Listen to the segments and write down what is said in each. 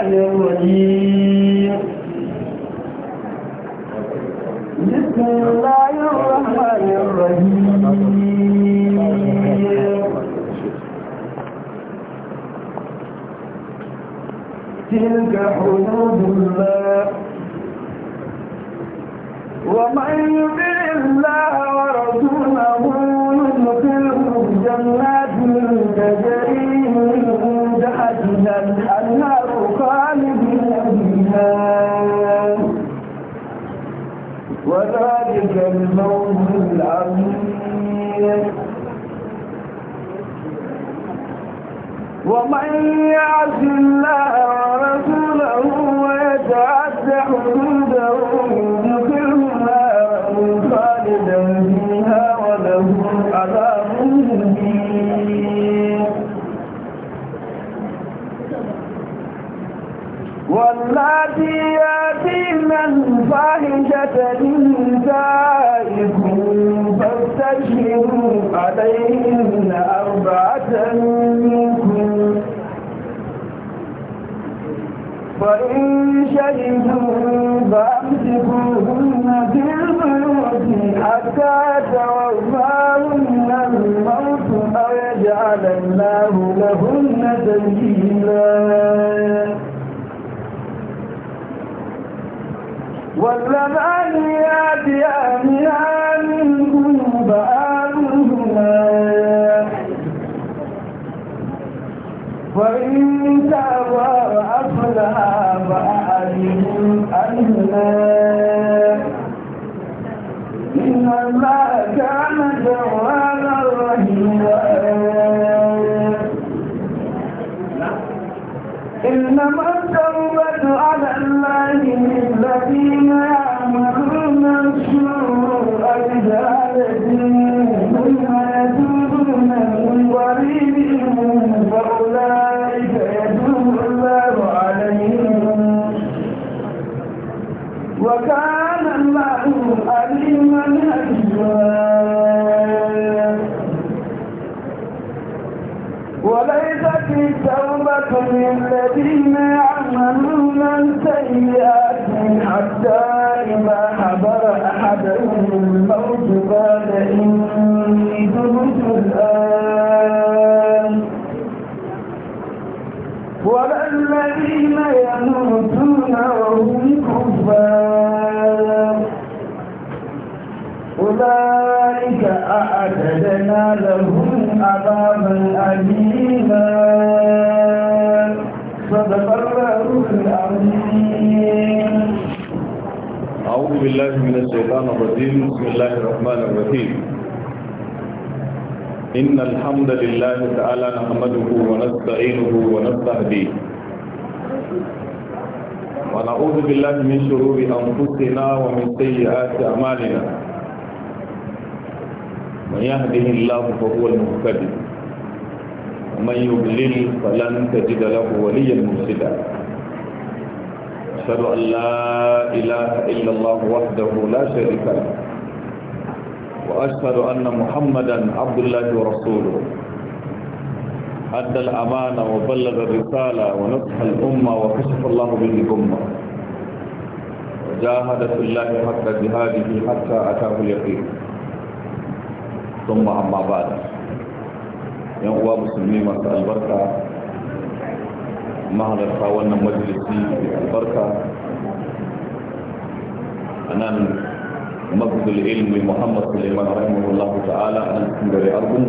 الله الرجيم بسم الله الرحمن الرحيم تلك حدود الله إنما التوبة على الله للذين يعملون وأعتدنا لهم عذابا أليما صدق الله العظيم أعوذ بالله من الشيطان الرجيم بسم الله الرحمن الرحيم إن الحمد لله تعالى نحمده ونستعينه ونستهديه ونعوذ بالله من شرور أنفسنا ومن سيئات أعمالنا من يهده الله فهو المهتدي ومن يضلل فلن تجد له وليا مرشدا أشهد أن لا إله إلا الله وحده لا شريك له وأشهد أن محمدا عبد الله ورسوله أدى الأمانة وبلغ الرسالة ونصح الأمة وكشف الله به الأمة وجاهد في الله حق جهاده حتى أتاه اليقين sun ma'amma ba da yan uwa musulmi masu albarka mahalarta wannan majalisi da albarka a nan mafudul ilmi muhammad suleiman rahimahullah ta'ala a nan cikin gari argun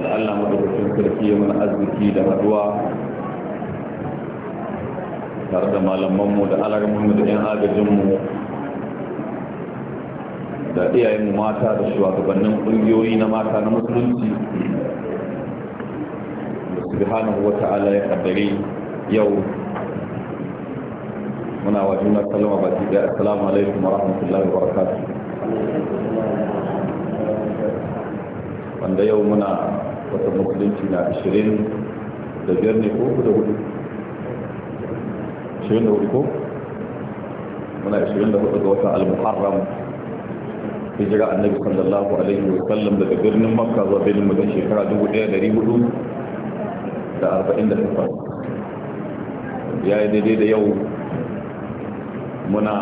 da allah madaukakin sarki ya mana arziki da haduwa tare da malamanmu da alarmanmu da 'yan agajinmu da iyayenmu mata da shugabannin ƙungiyoyi na mata na musulunci da subhanahu wa ta'ala ya kaddare yau muna wa juna salama baki da assalamu alaikum wa rahmatullahi wa barakatuh wanda yau muna wata musulunci na 20 da biyar ne ko da hudu 24 ko muna 24 ga watan al-muharram hijira annabi sallallahu alaihi wa sallam daga birnin makka zuwa birnin madina shekara 1400 da 48 ya yi daidai da yau muna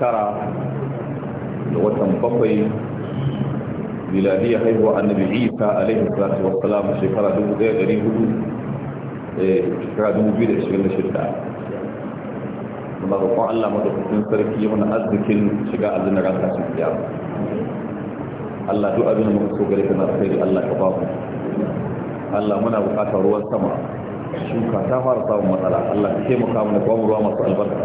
tara da watan bakwai miladiyya haihuwa annabi isa alaihi salatu wasalam shekara 1400 eh, shekara Allah roƙon Allah madaukakin sarki mana arzikin shiga aljanna ran Allah duk abin da so gare ka na alkhairi Allah ka ba Allah muna ruwan sama shuka ta fara samun matsala Allah ka taimaka mana ba mu ruwa masu albarka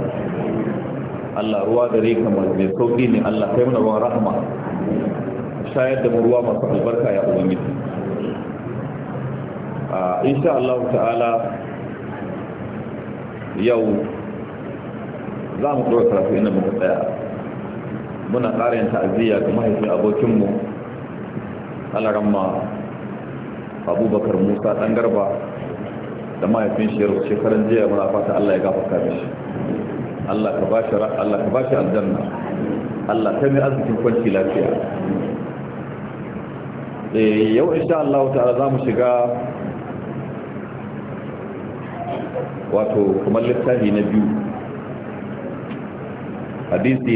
Allah ruwa gare ka mai sauƙi ne Allah kai ruwan rahama shayar da mu ruwa masu albarka ya ubangiji ah, insha Allah ta'ala yau za mu ɗora karatu inda muka tsaya muna ƙarin ta'aziyya ga mahaifin abokinmu alaramma abubakar musa ɗan garba da mahaifin shi shekaran jiya muna fata allah ya gafa mishi allah ka shi allah ka ba shi aljanna allah ta mai arzikin kwanci lafiya eh, yau insha Allah ta'ala za mu shiga wato kamar littafi na biyu بسم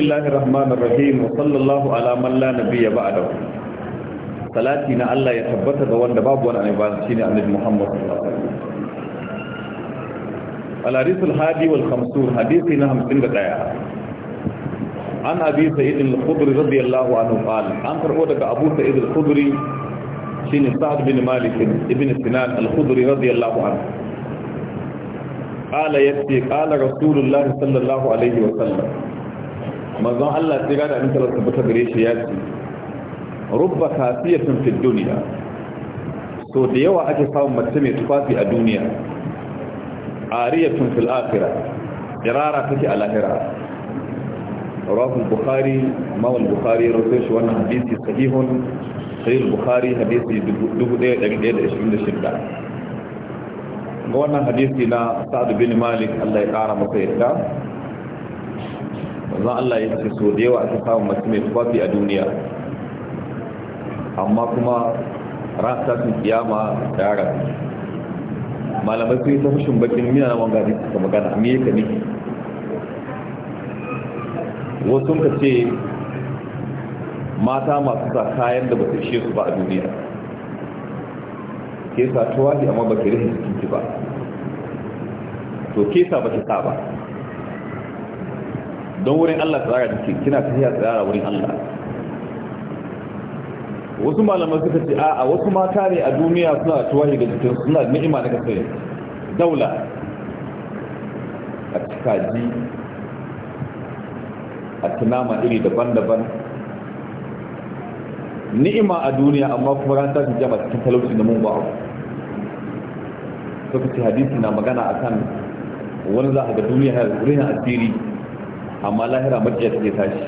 الله الرحمن الرحيم وصلى الله على من لا نبي بعده صلاتنا الله يتبت دوان باب وانا عبادتين عن محمد صلى الله عليه وسلم الحادي والخمسون حديثي لا ممكن لديه عن أبي سيد الخضري رضي الله عنه قال عن فرعودك أبو سيد الخضري شين سعد بن مالك ابن سنان الخضري رضي الله عنه قال يتي قال رسول الله صلى الله عليه وسلم manzon Allah sai gada in talar tabbata gare shi ya ce rubba kasiyatun fi duniya so da yawa ake samun mace tufafi a duniya ariyatun fil akhira irara take a lahira rawahu bukhari mawal bukhari rawaito shi wannan hadisi sahihun sahih bukhari hadisi 1126 ga wannan hadisi na sa'ad bin malik Allah ya kara masa yadda wannan Allah ya ce so da yawa ake samun mace mai tufafi a duniya amma kuma ran sun kiyama da yara malamai sun yi ta fushin bakin mina na wanga hadisi ta magana me ka niki wasu ka ce mata masu sa kayan da ba su ishe su ba a duniya ke sa tuwaɗi amma ba yi rihin jikinki ba to ke sa ba ki sa ba don wurin Allah tsara jiki kina tafiya tsara wurin Allah wasu malamai suka ce a wasu mata ne a duniya suna tuwahi da jikin suna ni'ima na kasar daula a cikaji a tunama iri daban-daban ni'ima a duniya amma kuma ran tashin kiyama cikin talauci da mun ba abu suka ce hadisi na magana akan wani za a ga duniya na rina asiri amma lahira maciya take tashi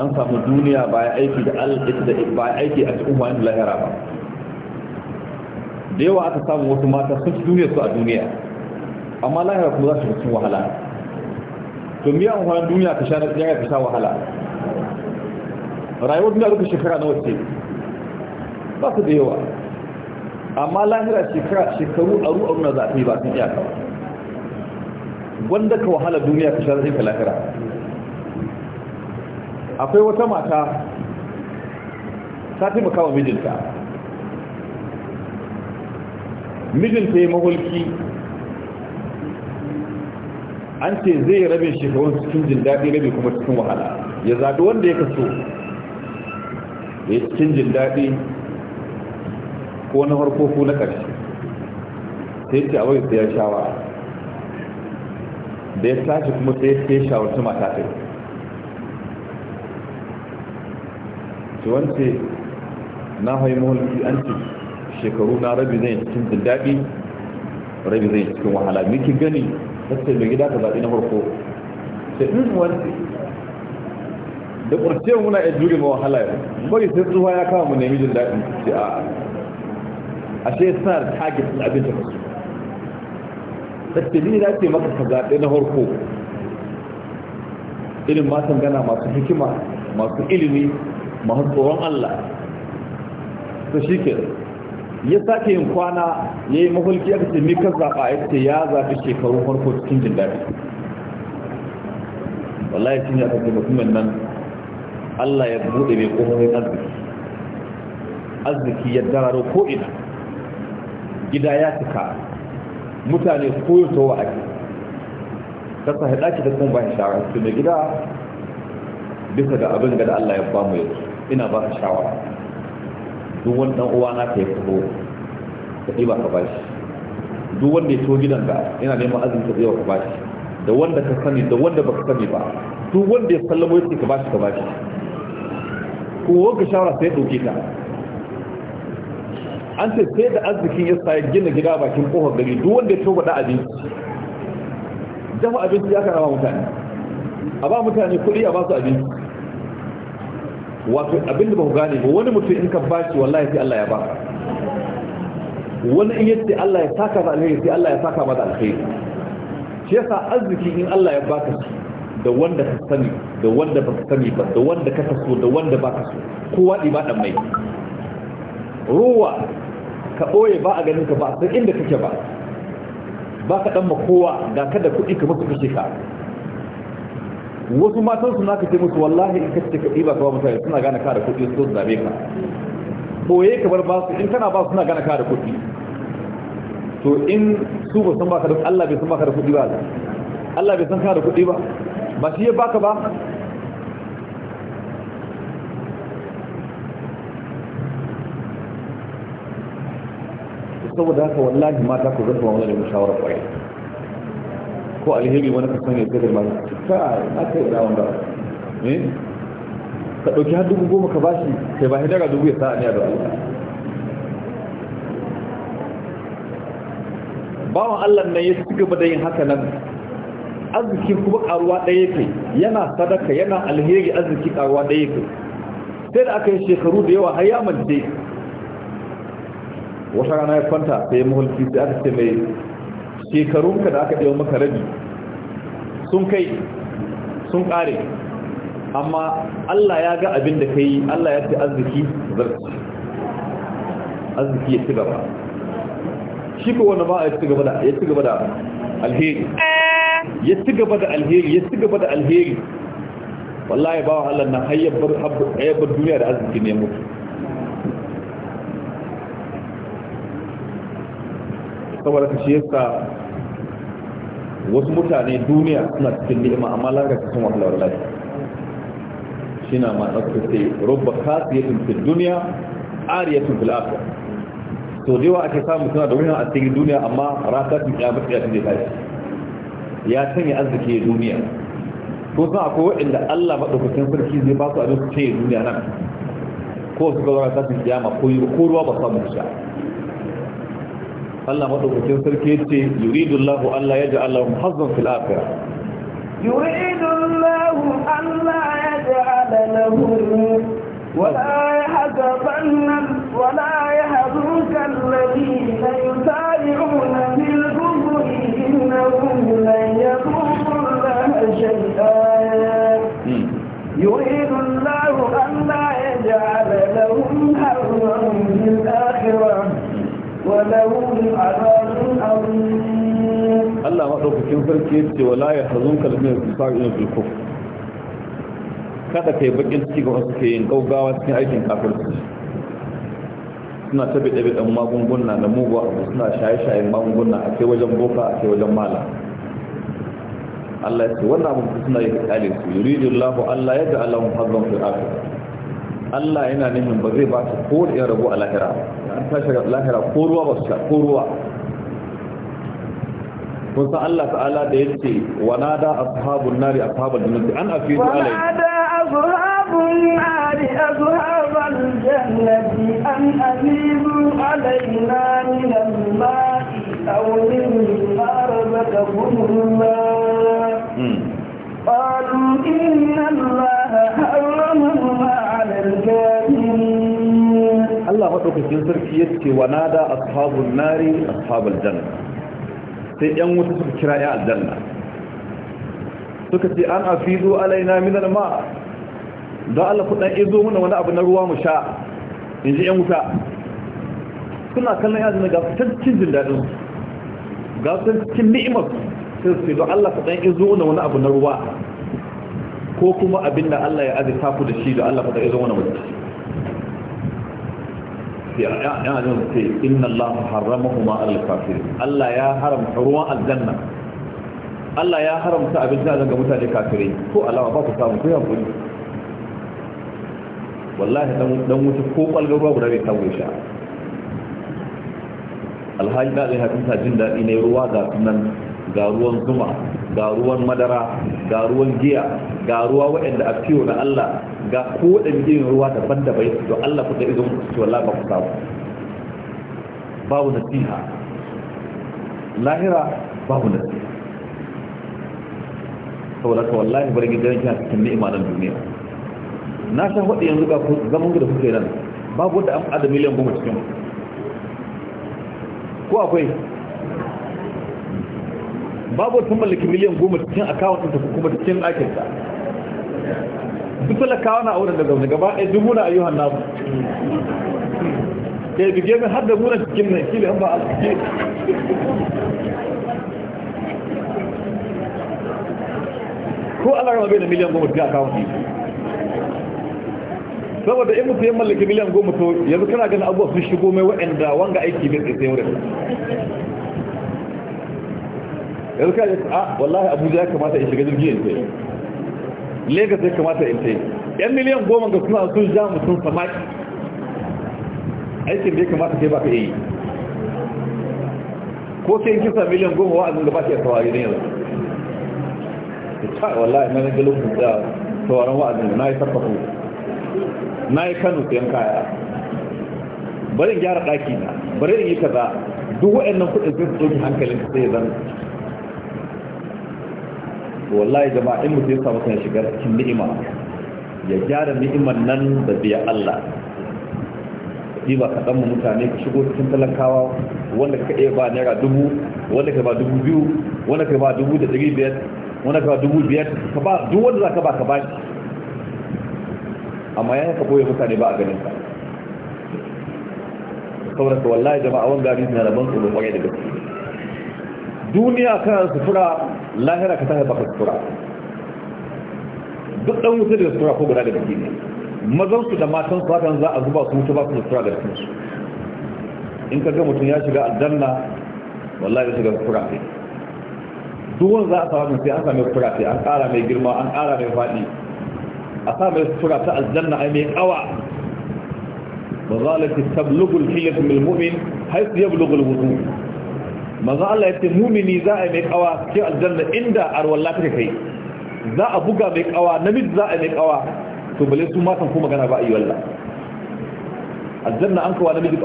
an samu duniya ba ya aiki da al'ita da ba ya aiki a cikin wani lahira ba da yawa aka samu wasu mata sun ci duniyar su a duniya amma lahira kuma za su cikin wahala to miya amfanin duniya ka sha na duniya ka sha wahala rayuwar da duka shekara na wace ba su da yawa amma lahira shekaru aru aru na zafi ba sun kawa. wanda ka wahala duniya ka sha zai ka lahira akwai wata mata ta taimaka wa mijinta mijinta ya mahulki an ce zai rabin shekarun cikin jin daɗi rabi kuma cikin wahala ya zaɓi wanda ya kaso da yi cikin jin daɗi ko na farko ko na ƙarshe sai ce a wajen ya shawara da ya tashi kuma sai ya shawarci mata kai ci wance na haimu mulki an ce shekaru na rabi zai cikin jin daɗi rabi zai cikin wahala miki gani sai mai gida ta zaɓi na farko sai in hmm, wance da ƙurce muna iya jure ma wahala yau bari sai tsuwa ya kama mu nemi jin daɗin ce a ashe suna da target na abin da musu tattabi na ce maka ka zaɓe na harko irin matan gana masu hikima masu ilimi masu tsoron Allah ta shi ke ya sake yin kwana ya yi mahulki aka ce mika zaɓa ya ce ya zaɓi shekaru farko cikin jin daɗi wallahi shi ne aka ce mutumin nan Allah ya buɗe mai ƙohonin arziki arziki ya dararo ko'ina gida ya cika mutane wa a ke kasa haɗa ki da kuma ba shawara su mai gida bisa ga abin da Allah ya bamu yau ina ba shawara duk wani ɗan uwa na ka yi kuɗo ka ɗiba ka bashi duk wanda ya to gidan ka ina neman azumi ka ɗiba ka bashi da wanda ka sani da wanda baka sani ba duk wanda ya sallamo yake ka bashi ka bashi ko ka shawara sai ɗauke ta an ce sai da arzikin ya sa gina gida bakin kofar gari duk wanda ya toba da abinci dafa abinci ya karawa mutane a ba mutane kuɗi a ba su abinci wato abin da ba ku gane ba wani mutum in ka shi wallahi sai Allah ya ba wani in ya ce Allah ya saka da alheri sai Allah ya saka ma da alheri shi yasa arziki in Allah ya baka shi da wanda ka sani da wanda ba ka sani ba da wanda ka taso da wanda ba ka so kowa ɗi ba ɗan mai ruwa ka ɓoye ba a ganin ka ba sai inda kake ba ba ka ɗan ma kowa ga kada kuɗi ka masu kashe ka wasu matan suna ka ce musu wallahi in kace ka ɗiba ka ba mutane suna gane ka da kuɗi su zabe ka ɓoye ka bar basu in kana ba suna gane ka da kuɗi to in su ba san baka da Allah bai san baka da kuɗi ba Allah bai san kana da kuɗi ba ba shi ya baka ba saboda haka wallahi mata ku zarfa wani da mushawarar kwaye ko alheri wani ka sanya ta girma ta a kai da wanda eh? ka ɗauki har dubu goma ka bashi kai ba hidara dubu ya sa'a ne a da Allah bawan Allah nan ya ci gaba da yin haka nan arzikin kuma karuwa ɗaya yake yana sadaka yana alheri arziki karuwa ɗaya yake sai da aka yi shekaru da yawa har ya mance wata rana ya kwanta sai ya mahulki sai aka ce mai shekarunka da aka ɗaya maka rabi sun kai sun ƙare amma Allah ya ga abin da ka yi Allah ya ce arziki zarci arziki ya ci gaba shi ko wani ba ya ci gaba da alheri ya ci gaba da alheri ya ci gaba da alheri wallahi ba wa Allah na hayyabar hayyabar duniya da arziki ne mutu saboda kashi yasa wasu mutane duniya suna cikin ni'ima amma lalata sun wahala wallahi shi na ma ɗauka sai rubba kasiyatun fil duniya ariyatun fil akhirah to dai wa ake samu suna da a cikin duniya amma rata sun kiyamata ya fi zai tashi ya sanya arziki ya duniya ko san akwai waɗanda Allah maɗaukakin sarki zai ba su abin su ce duniya nan ko su ga wata tashin kiyama ko ruwa ba samu sha Allah maɗaukakin sarki ya ce yuridu Allah Allah ya ji Allah muhazzan fil akhirah yuridu Allah Allah ya ji Allah ولا يحزنك ولا يحزنك الذين يسارعون إنهم لن يكونوا لها شيئا يريد الله أن لا يجعل لهم حظا في الآخرة ولهم عذاب عظيم Allah maɗaukakin sarki ya ce wala ya hazon kalmiyar fisar yin zulkuf kada ka yi bakin ciki ga wasu ke yin gaugawa cikin aikin kafirci suna ta bida bidan magunguna da mugu abu suna shaye-shayen magunguna a kai wajen boka a kai wajen mala Allah ya ce wannan abu suna yi kare su yuridu lahu Allah ya ga Allahu hazzan fil akhirah Allah yana nufin ba zai ba su ko da rabo a lahira an tashi lahira ko ruwa ba su sha ko ruwa kun san Allah ta'ala da ya yace wa nada ashabun nari ashabal jannati an afidu alayhi wa nada ashabun nari ashabal الجنة أن أزيدوا علينا من الماء أو مما رزقكم الله قالوا إن الله حرمهما على الكافرين الله maɗaukakin sarki ya ce wa nada ashabun nari ashabul janna sai yan wuta suka kira ya aljanna suka ce an afizu alaina min alma don Allah ku dan izo mana wani abu na ruwa mu sha in ji 'yan wuta suna kallon yanzu na gasar cikin jin daɗin gasar cikin ni'imar sai su don Allah ku dan izo mana wani abu na ruwa ko kuma abin da Allah ya azurta taku da shi da Allah ku dan izo mana wani ya ajin ce inna Allah haramahuma al-kafirin Allah ya haramta ruwan aljanna Allah ya haramta abin da ga mutane kafirai ko alawa ba ku samu ku yankuri wallahi dan wuce ko kwalgar ruwa guda bai kawo shi alhaji da alaiha ta jin daɗi ne ruwa ga sunan ga ruwan zuma ga ruwan madara ga ruwan giya ga ruwa waɗanda a fiyo na Allah ga kowaɗin irin ruwa daban bai to Allah kuka izo muku cewa la ba ku samu babu nasiha lahira babu nasiha saboda ka wallahi bari gidan a cikin ni'ima nan duniya na sha haɗe yanzu ga zaman da kuke nan babu da an fada miliyan goma cikin ko akwai babu wata mallaki miliyan goma cikin akawun ɗinta kuma cikin ta duk talakawa na auren da zaune gaba ɗaya duk muna ayyuhan nasu ke ya bige min har da muna cikin nan shi ba a cikin ko Allah rama bai da miliyan goma cikin akawun ɗinta saboda in mutum ya mallaki miliyan goma to yanzu kana ganin abubuwa sun shigo mai waɗanda wanga aiki bai tsaye wurin yanzu kana a wallahi abuja ya kamata in shiga jirgin yanzu lagos ya kamata in tsaye yan miliyan goma ga suna sun ja mutum samaki aikin da ya kamata kai baka yi ko sai kisa miliyan goma wa'azin da ba shi a tawari ne yanzu ta wallahi na ganin galibin da tawaran wa'azin na yi sarfafa na yi kano sayan kaya bari gyara ɗaki na bari yi kaza duk waɗannan kuɗin zai ɗauki hankalin ka sai zan wallahi jama'a in mutum ya samu kan shigar cikin ni'ima ya gyara ni'imar nan da biya Allah ɗi ba kaɗan mu mutane ka shigo cikin talakawa wanda ka iya ba naira dubu wanda ka ba dubu biyu wanda ka ba dubu da ɗari biyar wanda ka ba dubu biyar ka ba duk wanda za ka ba ka ba amma ya ka koyi mutane ba a ganin ka saboda ka wallahi jama'a wanda abin na rabon tsoro kwaye da gaske duniya kana sutura lahira ka tafi baka sutura duk dan wuta da sutura ko guda da gaske ne mazan su da matan su hakan za a zuba su mutu ba su sutura da gaske in ka ga mutum ya shiga aljanna wallahi ya shiga sutura ne duk wanda za a samu sai an sami sutura sai an kara mai girma an kara mai faɗi a sa mai sutura aljanna ai mai kawa mazalati tablugu alhilat min almu'min haythu yablughu alwudu maza Allah za a mai kawa aljanna inda kai za a buga mai kawa namiji za a mai kawa to ba ayi aljanna an namiji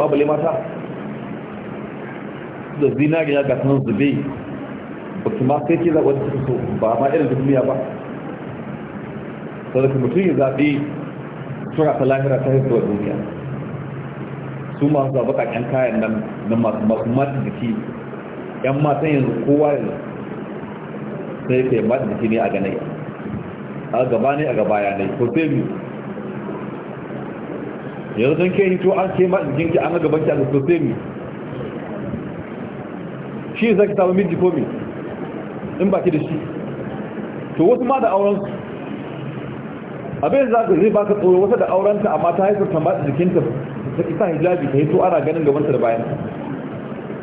da ga sanar zube ba sai ke zaɓa wata ba ma irin duniya ba saboda mutum ya zaɓi tura ta lahira ta haifuwa duniya su masu zaɓa ƙaƙen kayan nan na masu matan jiki yan matan yanzu kowa yanzu sai ke matan jiki ne a ganai a gaba ne a gaba ya ne ko sai biyu yanzu don ke to an ke jikin ki an gaban ki a ko sai biyu shi zaki samu miji ko mi in baki da shi to wasu ma da su. abin za ka zai baka tsoro wata da aurenta amma ta haifar ta matsa jikinta ta isa hijabi ta hito ana ganin ta da bayan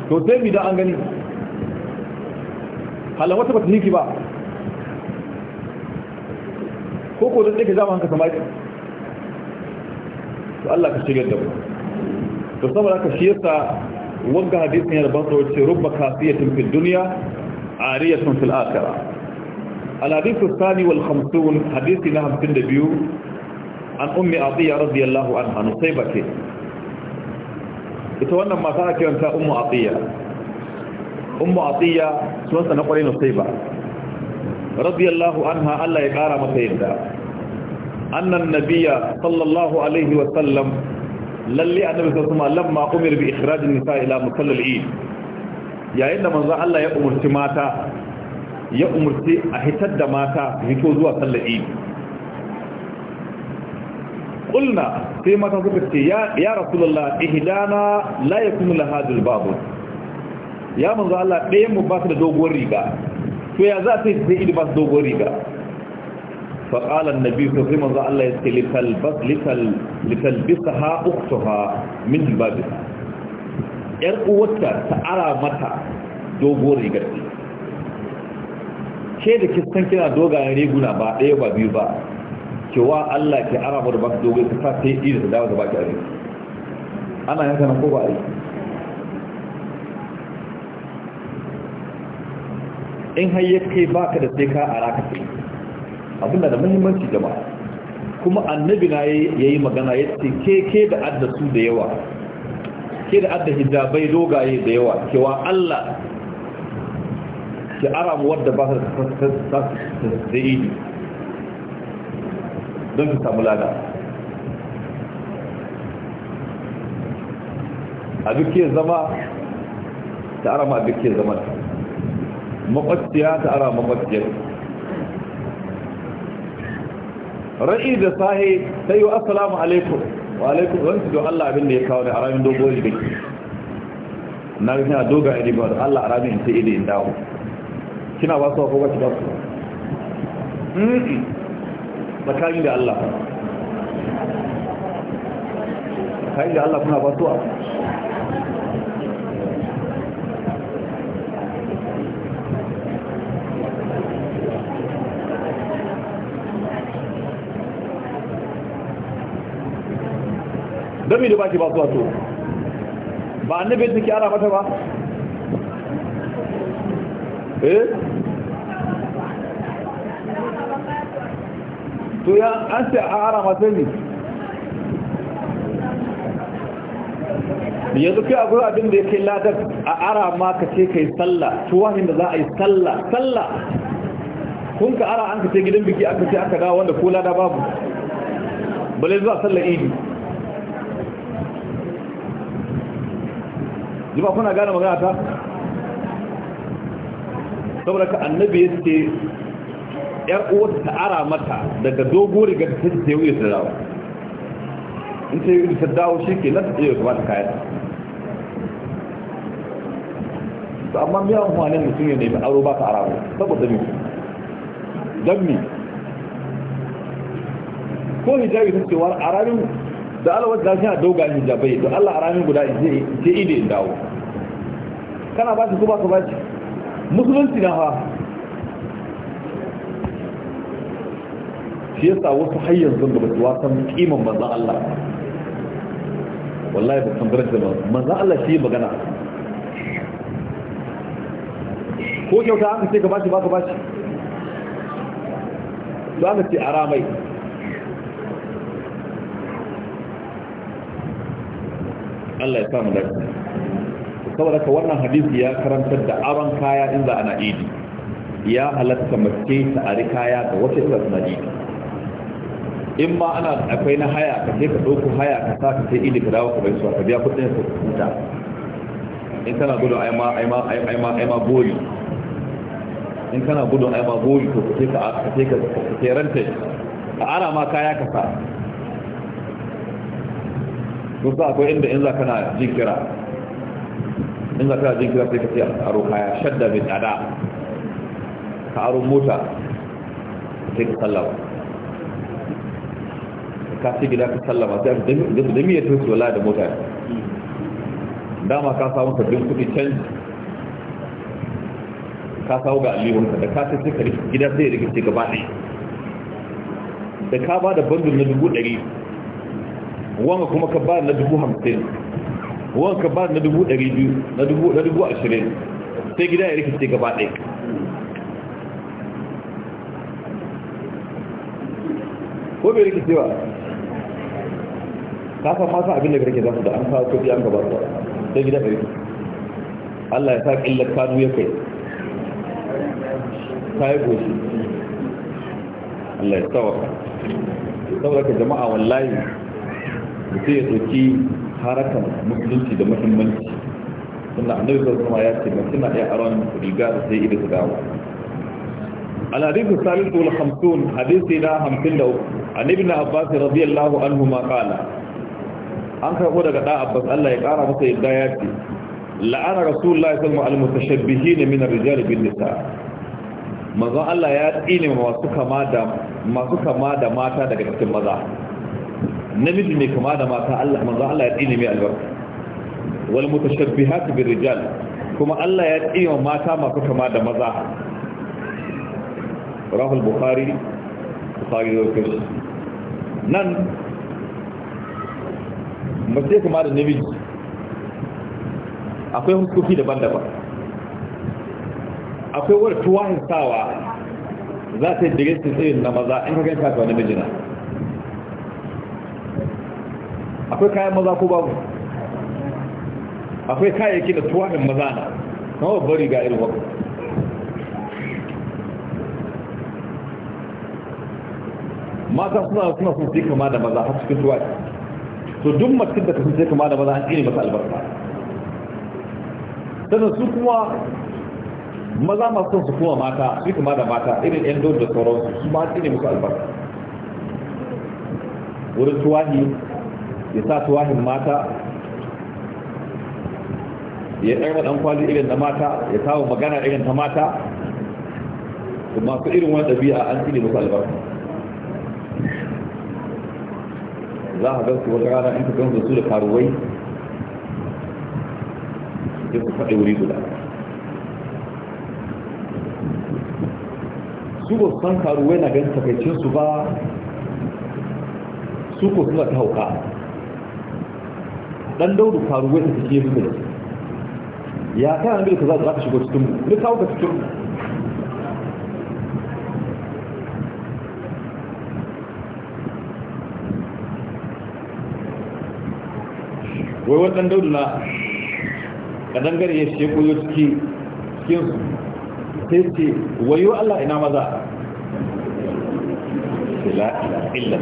to sai mi an gani halan wata bata hiki ba ko ko zai ka zama hanka samari to Allah ka shigar da mu to saboda ka shiyarta wanga hadisin ya da ban tsoro ce rubba kasiyatin fil dunya ariyatun fil akhirah الحديث الثاني والخمسون حديث نهم كندبيو عن أم عطية رضي الله عنها نصيبك يتوانا ما ذاك أنت أم عطية أم عطية سوانسا نقولي نصيبة رضي الله عنها ألا يقار مسيدا أن النبي صلى الله عليه وسلم للي النبي صلى الله عليه وسلم لما أمر بإخراج النساء إلى مصلى العيد يا إنما الله يأمر سماتا ya umarci a hitar da mata su hito zuwa sallar ƙulna sai mata suka ce ya rasulullah ihdana la kuma lahadul babu ya manzo Allah ɗayan mu ba su da dogon riga to ya za yi ba su dogon riga fa qala an sai manzo Allah ya ce lital bas lital litalbisaha ukhtaha min babiha yar uwarta ta ara mata doguwar rigar ke da kistan kina dogayen riguna ba ɗaya ba biyu ba ke wa Allah ke araba da baka dogai ka sa ta yi da dawa da baki a rigu ana yanka sanar ko ba a yi in hayyar kai baka da sai ka a raka ce abinda da muhimmanci jama'a kuma annabi na ya yi magana ya ce ke ke da adda su da yawa ke da adda hijabai dogaye da yawa cewa Allah ki ara wadda ba ta da don ki samu lada a zama ta ara ma duke zama ta ara ra'i da sahi ta yi alaikum wa alaikum don allah abin da ya kawo ne a ramin dogon da ke na a iri ba da allah a ramin ta in dawo kina ba su ko ba ki ba su tsakani da Allah tsakani da Allah kuna ba su dami da baki ba su wato ba annabin suke ana mata ba eh to ya an ce a harama sai ne yanzu kai akwai abin da ya kai ladar a arama ka ce ka yi sallah tuwahin da za a yi sallah tsalla kun ka ara an ka ce gidan biki aka ce aka dawa wanda ko lada babu bale zuwa tsalla idi jima kuna gane magana ta saboda ka annabi ya ce yar uwarta ta ara mata daga dogo riga ta ta yi ta dawo in ta yi ta dawo shi ke nan ta yi ta kayan to amma miyawan kwanan mutum ya nemi aro ba ta ara saboda mi don me. ko hijabi ta ce a aramin da alawar da shi a dogayen hijabai da allah aramin guda ce ide dawo kana ba su ko ba ba shi musulunci na hawa shi yasa wasu har yanzu ba su wasan kiman manzan Allah wallahi ba san darajar ba manzan Allah shi magana ko kyauta aka ce ka bashi ba ka bashi to aka ce aramai Allah ya samu daga saboda ka wannan hadisi ya karantar da aron kaya inda ana idi ya halatta mace ta ari kaya da wata ila suna idi in ma ana akwai na haya ka ce ka ɗauko haya ka sa ka sai ili ka dawo ka bai suwa ka biya kuɗin ka huta in kana gudun aima goli in kana gudun aima ma goli to sai ka sai ka sai ranta ka ara ma kaya ka sa to sa akwai inda in za kana jin kira in za kana jin kira sai ka ce aro kaya shadda mai tsada ka aro mota sai ka sallawa ka ce gida ka sallama sai da miyar tun su wala da mota dama ka samu sabbin kuɗi can ka samu ga alihunka da ka ce suka ka gida sai da ce gaba ne da ka ba da bandun na dubu dari. wanga kuma ka ba na dubu hamsin wanga ka ba na dubu dari biyu na dubu ashirin sai gida ya rikice gaba ne ko bai rikice ba ka san masa abin da kake zasu da an kawo kuɗi an gaba su sai gida ɗari Allah ya sa ƙillar kanu ya kai ta yi goshi Allah ya tsawaka saboda ka jama'a wallahi mutum ya ɗauki harakan musulunci da muhimmanci suna annabi sallallahu kuma ya ce suna ya aron riga da sai ido su dawo الحديث الثالث والخمسون حديثنا همسين دو عن ابن عباس رضي الله عنهما قال an karɓo daga da abbas Allah ya ƙara masa yadda ya ce la'ana rasulullahi sallallahu alaihi wasallam al-mutashabbihin min ar-rijal bin nisa manzo Allah ya tsine masu kama da masu kama da mata daga cikin maza namiji mai kama da mata Allah manzo Allah ya tsine mai albarka wal mutashabbihat bir rijal kuma Allah ya tsine mata masu kama da maza rahul bukhari bukhari da kashi nan mace kuma da namiji akwai hukuki daban-daban akwai wani tuwahin sawa za ta yi direstin irin na maza in kagan kasuwa namiji na akwai kayan maza ko babu akwai kayayyaki da tuwahin maza na kuma bari ga irin wakil mata suna suna sun fi kama da maza har cikin tuwahin to duk mutum da kasance kama da maza an tsine masa albarka sannan su kuma maza masu son su kuma mata su kama da mata irin yan dole da sauransu su ma an tsine musu albarka wurin tuwahi ya sa tuwahin mata ya ɗan ɗan kwali irin na mata ya kawo magana irin ta mata masu irin wani ɗabi'a an tsine musu albarka za a gansu wata rana in ka gan su da karuwai sai ku faɗi wuri guda su ba san karuwai na gan takaicinsu ba su ko suna ta hauka dan daudu karuwai ta ke musu da ya kana da ka za ka shigo cikin mu duk kawo ka cikin mu wai wannan daudu na kadangare ya ce koyo ciki cikin su sai ce wayo Allah ina maza la ilaha illa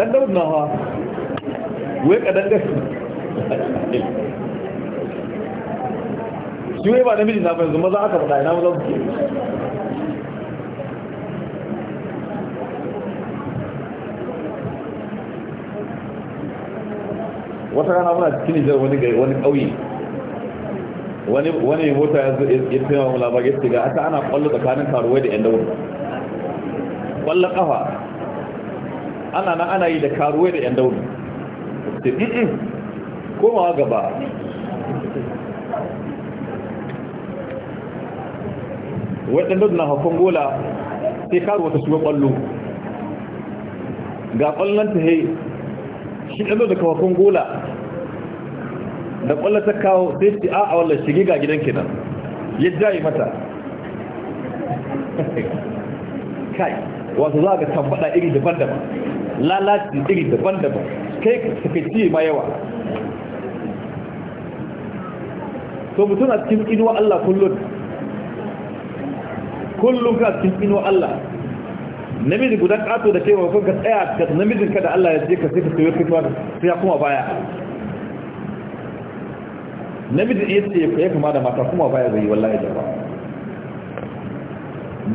dan daudu na wai juye ba namiji na yanzu maza aka faɗa ina maza buke wata rana muna cikin nijar wani ƙauye wani mota ya fi mawa labar ya shiga aka ana ƙwallo tsakanin karuwai da 'yan dawo kwallon kafa ana na ana yi da karuwai da 'yan ko komawa gaba waɗanda na hafin gola sai kawo wata shiga ƙwallo ga ƙwallon ta hei shi ɗan da kawafin gola da ƙwallon ta kawo sai shi a a wallan shige ga gidan kenan ya jayi mata kai wasu za ga tambada iri daban-daban lalaci iri daban-daban kai ciye ma yawa to mutum a cikin inuwa Allah kullum kullum ka cikin ino Allah namiji guda kato da kewa kun ka tsaya ka namijin ka da Allah ya ce ka sai ka sayo kai ba sai ya kuma baya namiji ya ce yi kuma da mata kuma baya zai wallahi da ba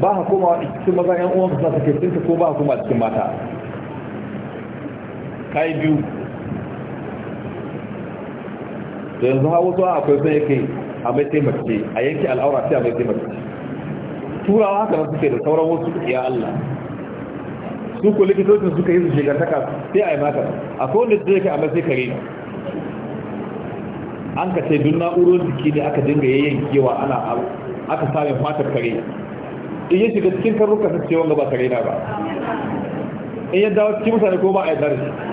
ba ha kuma cikin maza yan uwan ka sa kake cinka ko ba ha kuma cikin mata kai biyu da yanzu hawa zuwa akwai zai yake a mai taimakce a yanki al'aura sai a mai taimace turawa haka nan suke da sauran wasu ya Allah su ko likitocin suka yi su shekantaka sai a yi mata a kowane da zai ka amma sai kare an ka ce dun na'urar jiki ne aka dinga yin kewa ana aka sami fatar kare in ya shiga cikin karnuka su ce wanda ba kare na ba in ya dawo cikin mutane ko ba a yi zarfi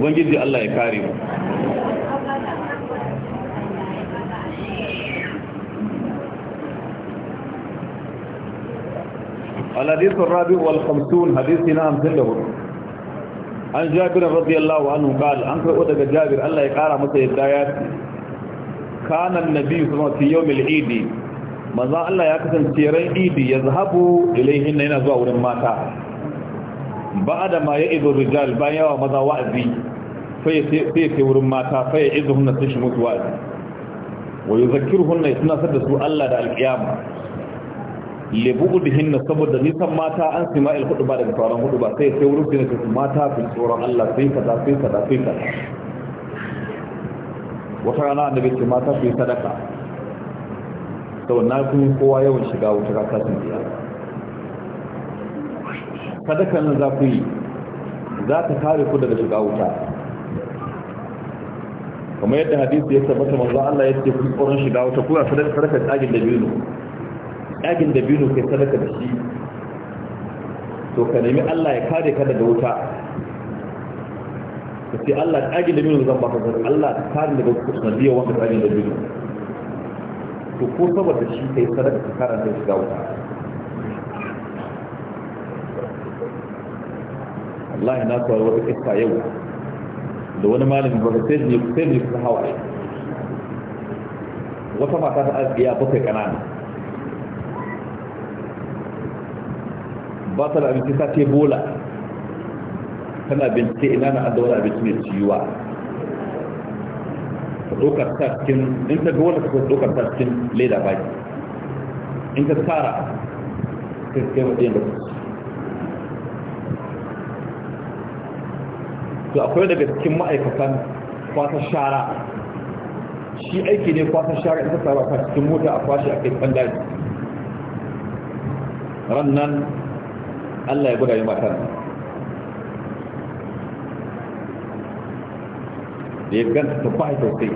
ubangiji Allah ya kare mu الحديث الرابع والخمسون حديث نعم سلهم عن جابر رضي الله عنه قال أنك أدك جابر الله يقارى متى الدايات كان النبي صلى الله عليه وسلم في يوم العيد ماذا الله يكسن سيرين عيد يذهب إليهن هنا زور ماتا بعد ما يئذ الرجال بايا وماذا وعزي sai ya sai wurin mata sai ya izu hunna sai shi mutu wa'azi wa yi zakir hunna ya tunasar da su Allah da alƙiyama lebu da hinna saboda nisan mata an sima il hudu ba daga sauran hudu ba sai sai wurin sai na mata fi tsoron Allah sai kaza sai kaza sai kaza wata rana annabi ce mata su yi sadaka saboda na kun kowa yawan shiga wuta ka sun biya Sadaka nan za ku yi za ta kare ku daga shiga wuta kamar yadda hadisi ya tabbata manzo Allah ya ce ku tsoron shiga wata kula sadaka sadaka tsagin dabino tsagin dabino kai sadaka da shi to ka nemi Allah ya kare ka daga wuta ka ce Allah tsagin dabino zan baka sadaka Allah ta kare daga sanadiyar wanda tsagin dabino to ko saboda shi kai sadaka ka kare ka shiga wuta ya na tsawar wata kisa yau da wani malamin ba sai ne sai ne kusa hawaye wata mata ta azgiya bakwai kanana ba ta da abinci ta ce bola tana bincike ina na da wani abinci mai ciwa ta ta cikin in ta ga wata ta ɗaukar ta cikin leda baki in ta tara ta ce matsayin da kusa to akwai daga cikin ma'aikatan kwasa shara shi aiki ne kwasa shara ita tsara a cikin mota a kwashe a kai tsandaji ran nan allah ya guda yi matan da ya ganta ta ba sosai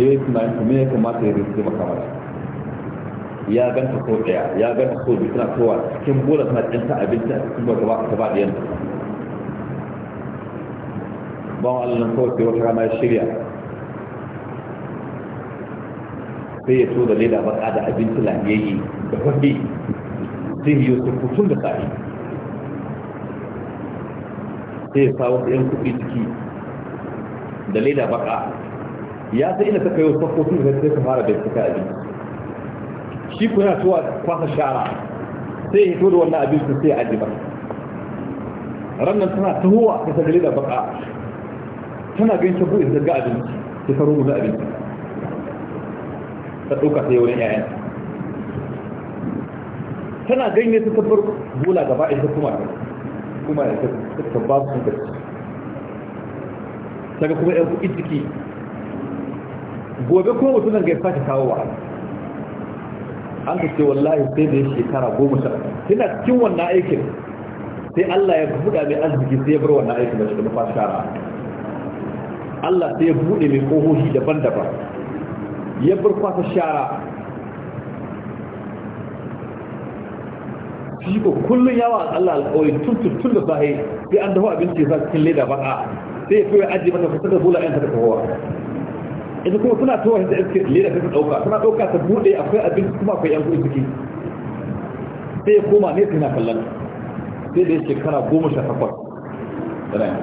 sai tunanin kuma ya kamata ya rinsu makamata ya ganta ko daya ya ganta ko biyu suna kowa cikin bola suna cikin abinta abinci a gaba gaba ta ba ɗayan ba wa allan kawai sai wata rana shirya sai ya so da leda baka da abinci lafiyayye da kwafi sai yi su kusur da tsari sai ya sawo wasu 'yan kuɗi ciki da leda baka ya sai ina ta kayo sakkofi da sai ka fara da suka abinci shi ku yana tuwa kwasa shara sai ya hito da wannan abin su sai ajiyar. rannan tana tahowa ta sagale da baka tana gan ta buɗe zaga abinci ta karo mu da abinci ta ɗauka ta yi wani yayan tana ganye ta tabbar bula gaba ita kuma kuma ya ta ba su da daga kuma yan kuɗi ciki gobe kuma mutum zan ya fata kawo wa'ala an ka ce wallahi sai da ya shekara goma sha tana cikin wannan aikin sai Allah ya buɗa mai arziki sai ya bar wannan aikin da shiga mafa shara Allah sai ya buɗe mai ƙohohi daban-daban ya bar kwasa shara shi ko kullum yawa Allah alƙawari tun tun tun da sahi sai an dafa abinci ya sa cikin leda a sai ya koya ajiye mata kusa da bula yan ta da kowa ita kuma suna towa da iske lera ta dauka suna dauka ta bude akwai abin kuma akwai yan kuɗi ciki sai ya koma ne yana kallon sai da shekara goma sha takwas tana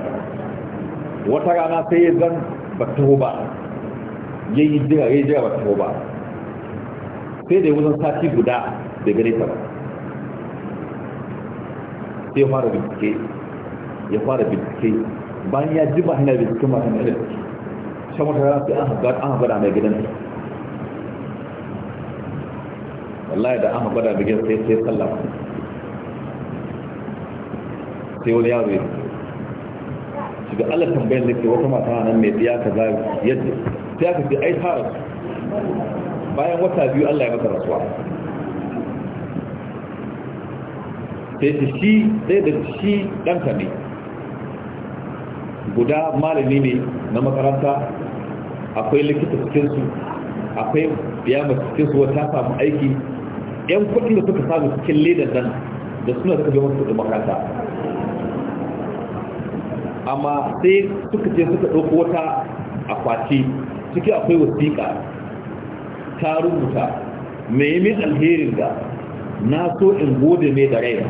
wata rana sai ya zan ba taho ba ya yi jira ya yi jira ba taho ba sai da ya wajen sati guda da gane ta ba sai ya fara bincike ya fara bincike bayan ya ji ba hanyar binciken matan da can wata rana sai an haɓar an haɓar mai gidan wallahi da an haɓar da bigin sai sai sallah sai wani yaro ya shiga allah tambayar da ke wata mata nan mai biya ka zai yadda sai aka ce ai fara bayan wata biyu allah ya mata rasuwa sai ta shi sai da shi ɗanka ne guda malami ne na makaranta akwai likita cikinsu akwai biyama cikinsu wata samu aiki yan kudin da suka samu cikin ledar nan da suna suka biya masu kudin makaranta amma sai suka je suka ɗauko wata akwati ciki akwai wasiƙa ta rubuta mai min alherin da na so in gode mai da raina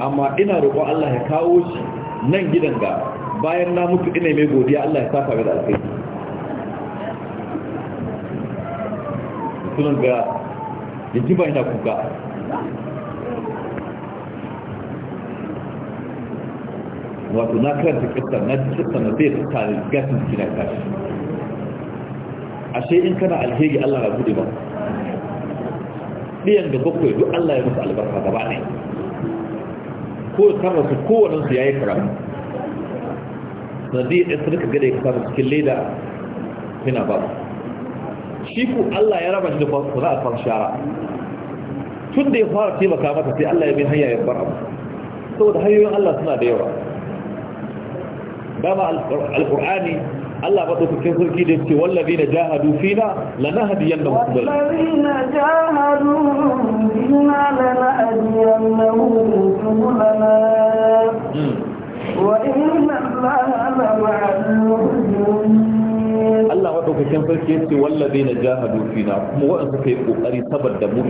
amma ina roƙon Allah ya kawo shi nan gidan ga bayan na mutu ina mai godiya Allah ya safa mai da alkhairi mutumin ga ya ji bai na kuka wato na karanta kistar na kistar na zai tuta da gasin jina kashi ashe in kana alheri allah na bude ba ɗiyan da bakwai duk allah ya musu albarka gaba ne ko kama su kowanensu ya yi karatu na zai ɗin suka gada ya kama cikin leda suna ba shiku Allah ya raba shi da za a shara tun da ya fara taimaka mata sai Allah ya bin hanya ya bar saboda hanyoyin Allah suna da yawa dama alqur'ani Allah ba duk cikin sarki da yake wallazina jahadu fina lanahdiyannahum subul wallazina jahadu fina lanahdiyannahum subulana wa inna allaha lama'a madaukakin sarki yace wallazi na jahadu fina kuma saboda mu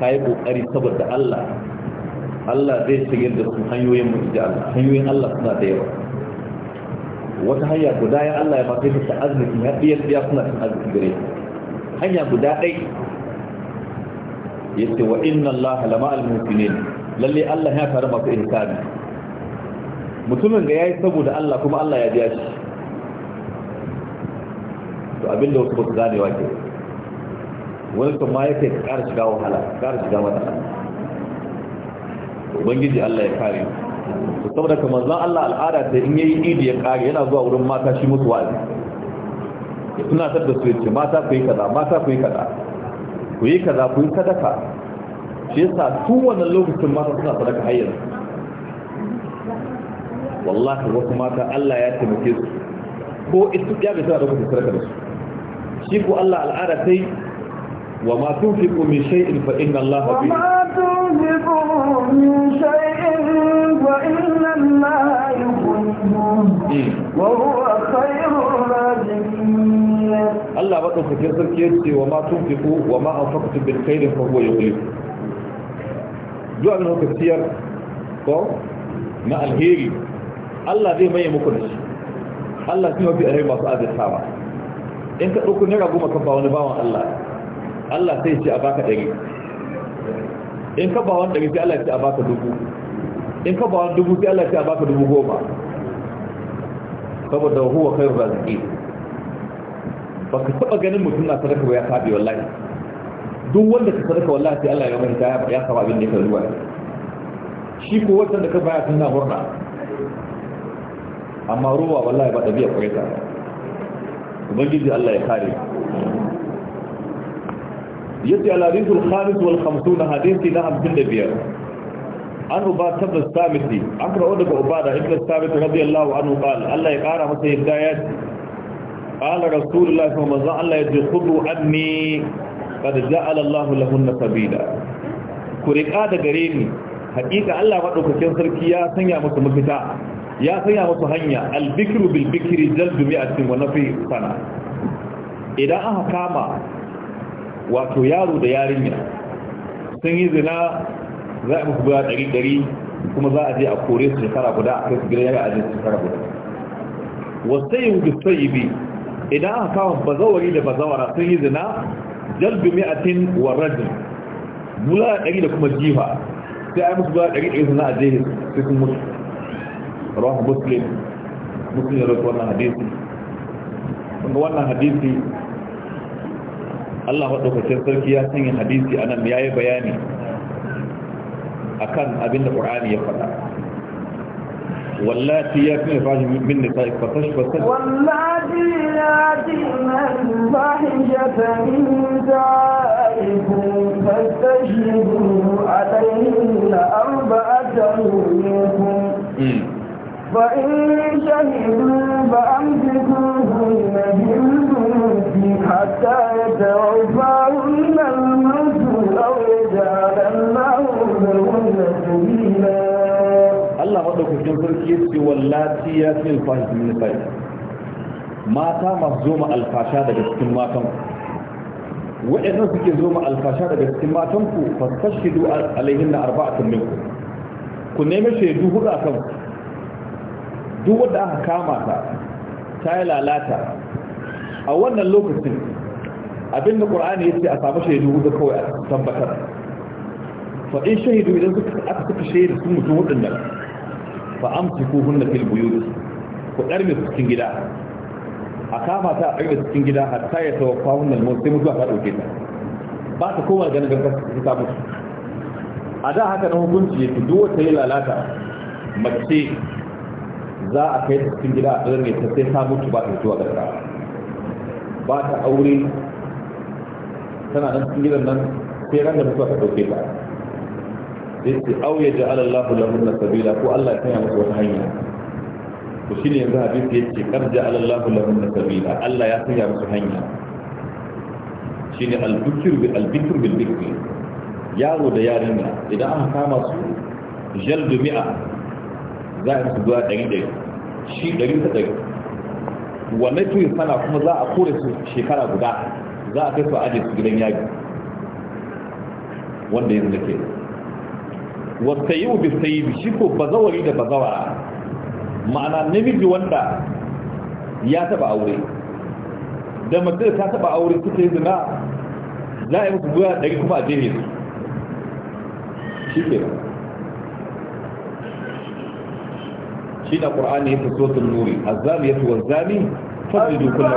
Allah saboda Allah Allah zai shigar da su hanyoyin mu Allah hanyoyin Allah suna da yawa wata hanya guda ya Allah ya ba kai ta biya suna cin gare hanya guda ɗai wa inna Allah lama al lalle Allah ya fara masu ihsani mutumin ga yayi saboda Allah kuma Allah ya biya shi to abinda wasu ba su ganewa ke wani kuma ma yake ka ƙara shiga wahala ƙara shiga wata ubangiji Allah ya kare to saboda kamar zan Allah al'ada ta in yayi idi ya kare yana zuwa wurin mata shi musu wa'azi ya tunatar da su yace mata ku yi kaza mata ku yi kaza ku yi kaza ku yi sadaka shi yasa tun wannan lokacin mata suna sadaka har yanzu wallahi wasu mata Allah ya taimake su ko ita ya bai tana da kuka sadaka da su شكو الله العرفي وما تنفقوا من شيء فإن الله به وما تنفقوا من شيء فإن الله يخلقه وهو خير الرجل الله بطل فكير تركيز وما تنفق وما أنفقت بالخير فهو يخلقه جو أنه كثير كم؟ مع الهيري الله ذي ما يمكنش الله ذي ما بيأهي ما سأذي الحاوة in ka ɗauko naira goma ka ba wani bawan Allah Allah sai ce a baka ɗari in ka ba wani ɗari sai Allah ce a baka dubu in ka ba wani dubu sai Allah ce a baka dubu goma saboda huwa kai raziki ba ka taɓa ganin mutum na sadaka ya saɓe wallahi duk wanda ka sadaka wallahi sai Allah ya mai da ya saba abin da ka zuwa shi ko wanda ka baya sun na murna amma ruwa wallahi ba ɗabi'a ƙwarai ta ba ubangiji Allah ya kare yace al-hadith al-khamis wal 50 hadisi na 55 an uba tabbas samiti an karɓo daga ubada ibn sabit radiyallahu anhu qala Allah ya kara masa yadda ya qala rasulullahi sallallahu alaihi wasallam Allah ya khudhu anni qad ja'ala Allah lahunna sabila ku riƙa da gare ni hakika Allah madaukakin sarki ya sanya musu mafita ya sanya musu hanya albikiru bilbikiri bikri a cikin wa nafi sana idan aka kama wato yaro da yarinya sun yi zina za a musu guda ɗari ɗari kuma za a je a kore su shekara guda a kai su gina yaya a je shekara guda wasu yi wuce sai bi idan aka kama bazawari da bazawara sun yi zina jaldu mi'atin wa rajin bula ɗari da kuma jifa sai a yi musu guda ɗari ɗari suna a je su sun mutu rawahu muslim muslim ya rawaito wannan hadisi kuma wannan hadisi Allah maɗaukacin sarki ya sanya hadisi a nan ya yi bayani a kan abin da ƙur'ani ya faɗa wallafi ya fi mafashi min nisa fasashi fasashi wallafi ya fi mafashi ya ta min za'ikun fasashi a ɗayin na arba'atan yankun فإن شهدوا فأمسكوهن في البيوت حتى يتوفاهن الموت أو يجعل الله لهن سبيلا الله أدرك في الكيس واللاتي ياتي من الفاحش ماتا مهزوم الفاشا دقة سكماتهم وإنه سكي زوم فاستشهدوا عليهن أربعة منكم كنا نمشي دوهر أكبر duk wanda aka kama ta ta yi lalata a wannan lokacin abinda ƙur'ani ya ce a samu shaidu hudu kawai a tabbatar fa in shahidu idan aka suka shaidu sun mutu hudun nan fa amci ko hunna fil buyut ku ɗarme cikin gida a kama ta a ɗarme cikin gida har hatta ya tawaffa hunnan mawar sai mutuwa ta ɗauke ta ba ta koma ganin gangan su ta mutu a da haka na hukunci ya fi duwata yi lalata mace za a kai ta cikin gida a tsirrai ta sai ta ba ta zuwa ƙasa ba ta aure tana nan cikin gidan nan sai ran da mutuwa ta ɗauke ta sai ce auye ja alallahu lahun na sabila ko Allah ya tanya musu wata hanya to shine yanzu hadisi ya ce kar ja alallahu lahun na sabila Allah ya tanya musu hanya shine albikir bil albikir bil bikri yaro da yarinya idan aka kama su jaldu mi'a za a musu zuwa ɗari ɗari shi ɗari ta ɗari wannan tuyin sana kuma za a kore su shekara guda za a kai su a ajiye su gidan yaji wanda yanzu da ke wata yi wa bisa yi shi ko bazawari da bazawara ma'ana namiji wanda ya taba aure da mace ta taba aure suka yi zina za a yi musu zuwa ɗari kuma a jefe su shi ke ba shi da qur'ani yake so sun nuri azami yatu wazami fajidu kullu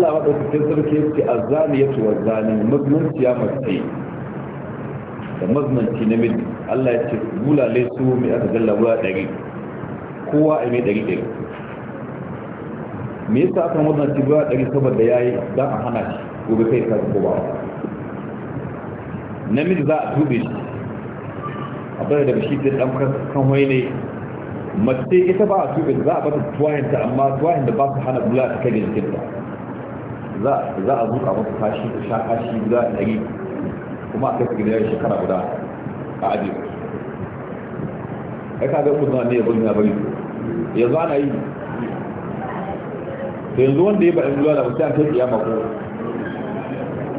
Allah maɗaukakin sarki ya ce azzani ya wa zani mazmanci ya mace da mazmanci na miji Allah ya ce bulale su mai aka galla guda ɗari kowa a mai ɗari ɗari me yasa aka mazmanci guda ɗari saboda ya yi don a hana shi gobe kai ka ko ba namiji za a tube shi a bayar da shi da ɗan kan wai ne mace ita ba a tube za a bata tuwahinta amma tuwahin da ba su hana bula ta kai da jikinta za a zuka masa kashi da sha kashi guda ɗari kuma a kai da gida shekara guda a ajiye ai ka ga kuma ne ya bari na bari yanzu ana yi da yanzu wanda ya baɗin ruwa da mutum an kai kiyama ko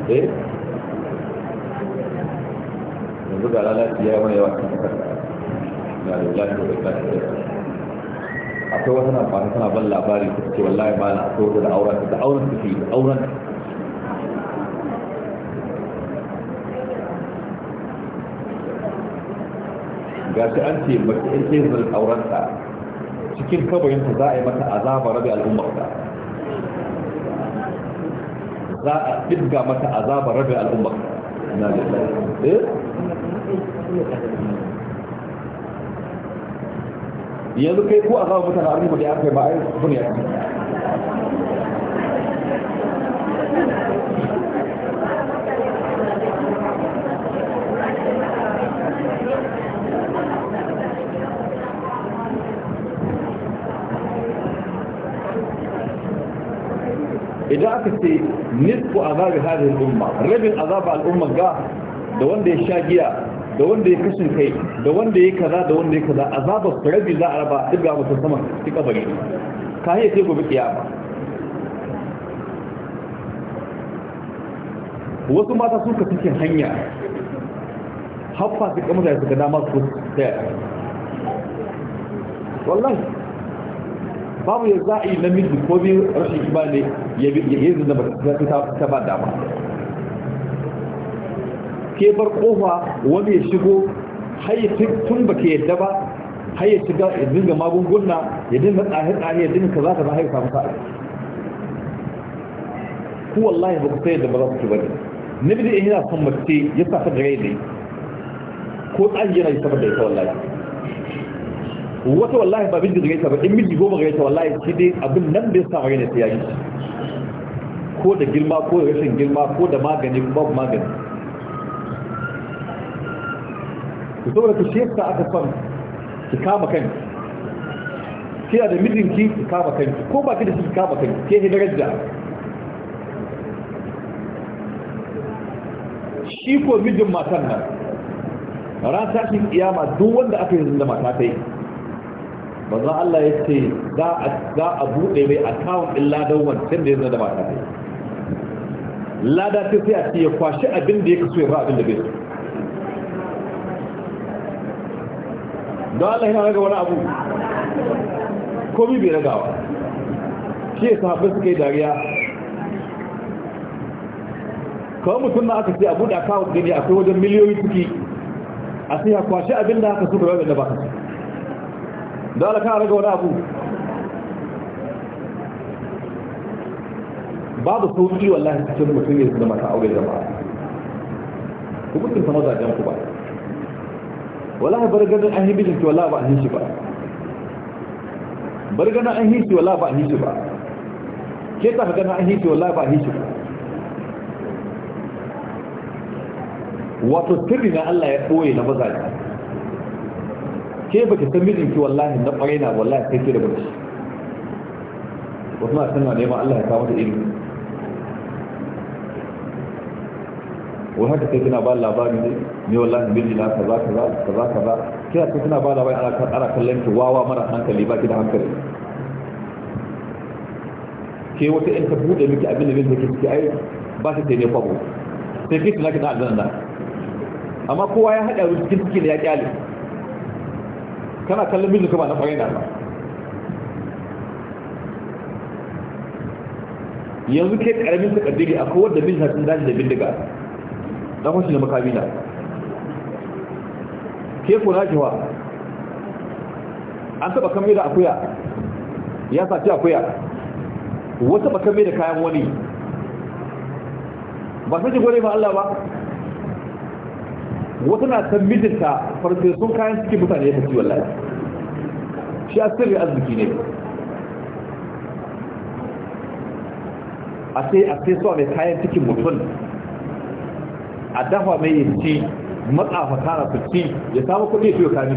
eh yanzu ga lalaci ya yi mana yawa cikin kasar da lalaci da kasar akwai wata na fata tana ban labari ta ce wallahi ba na so da auren ta auren ta da auren ga ta an ce ba ta ce zan auren ta cikin kabarinta za a yi mata azaba rabi al'ummar ta za a fidga mata azaba rabi al'ummar na da eh yanzu kai ko a zama mutane a rubuta ya kai ba a yi sun ya kai idan aka ce nisku azabi hadin umma rabin azaba al'umma ga da wanda ya sha giya da wanda ya kashin kai da wanda ya kaza da wanda ya kaza azabar rabi za a raba duk mutum sama cikin kabari ka hanyar sai gobe kiyama wasu mata sun ka cikin hanya haffa su kamar da suka dama su da wallahi babu ya za a yi namiji ko biyu rashin kima ne ya yi da ta ta ba dama ke bar kofa wani ya shigo hayyacin tun ke yadda ba hayyacin ga ya dinga magunguna ya dinga tsahe-tsahe ya dinga kaza kaza hayyar samu sa'a ku wallahi ba ku sai da ba za ku ci bane na bi da ina son mace ya sa da rai ne ko tsari yana yi saboda ita wallahi wata wallahi ba bin da gaita ba in miji goma ta wallahi shi dai abin nan bai ya sa magana ta yayi ko da girma ko da rashin girma ko da magani ko babu magani ku saboda ka shesa aka san ki kama kanki kina da mijinki ki kama kanki ko ba ki da ki kama kanki ke ne daraja shi ko mijin matan nan ran tashin kiyama duk wanda aka yi da mata ta yi manzon Allah ya ce za a za a bude mai account din ladan wancan da ya da mata ta yi lada ta sai a ce ya kwashi abin da ya kasu ya ba abin da bai so don Allah yana raga wani abu komi bai ragawa shi ya sahabi suka yi dariya kawai mutum na aka ce abu da aka gani akwai wajen miliyoyi suke a sai kwashe abin da aka suka rabin da baka don Allah kana raga wani abu babu sauki wallahi cikin mutum ya zama ka aure jama'a ku mutum sama zagen ku ba bar ganin an bidin ki wala ba an hishi ba ganin an yi shi wala ba an hishi ba ke ta ga na an shi wala ba an hishi ba wato sirri na Allah ya koye na mazaje ke ki san mijinki wallahi na kwarai na wallahi sai ki da barci wasu masu suna neman Allah ya kawo da ilimi wai haka sai kina ba labarin ne ne wallahi bin ila kaza kaza kaza kaza kira ku suna bada bai ana ana kallon ki wawa mara hankali ba ki da hankali ke wata in ka bude miki abin da yake da ai ba ta ku. kwabo sai ki tuna ki da aljanna amma kowa ya hada ruwa cikin cikin ya kyale kana kallon ka ba na kwarai na ba yanzu ke karamin kaddiri akwai wanda bin sun daji da bindiga dan wasu ne makami na ke ku na kewa an taɓa kame da akuya ya sace akuya wata ba kame da kayan wani ba sai gore ba Allah ba wata na san mijinta sun kayan cikin mutane ya tafi wallahi shi a sirri arziki ne a sai a sai so mai kayan cikin mutum a dafa mai yin ci matsafa na fiski ya samu kuɗi su yau kani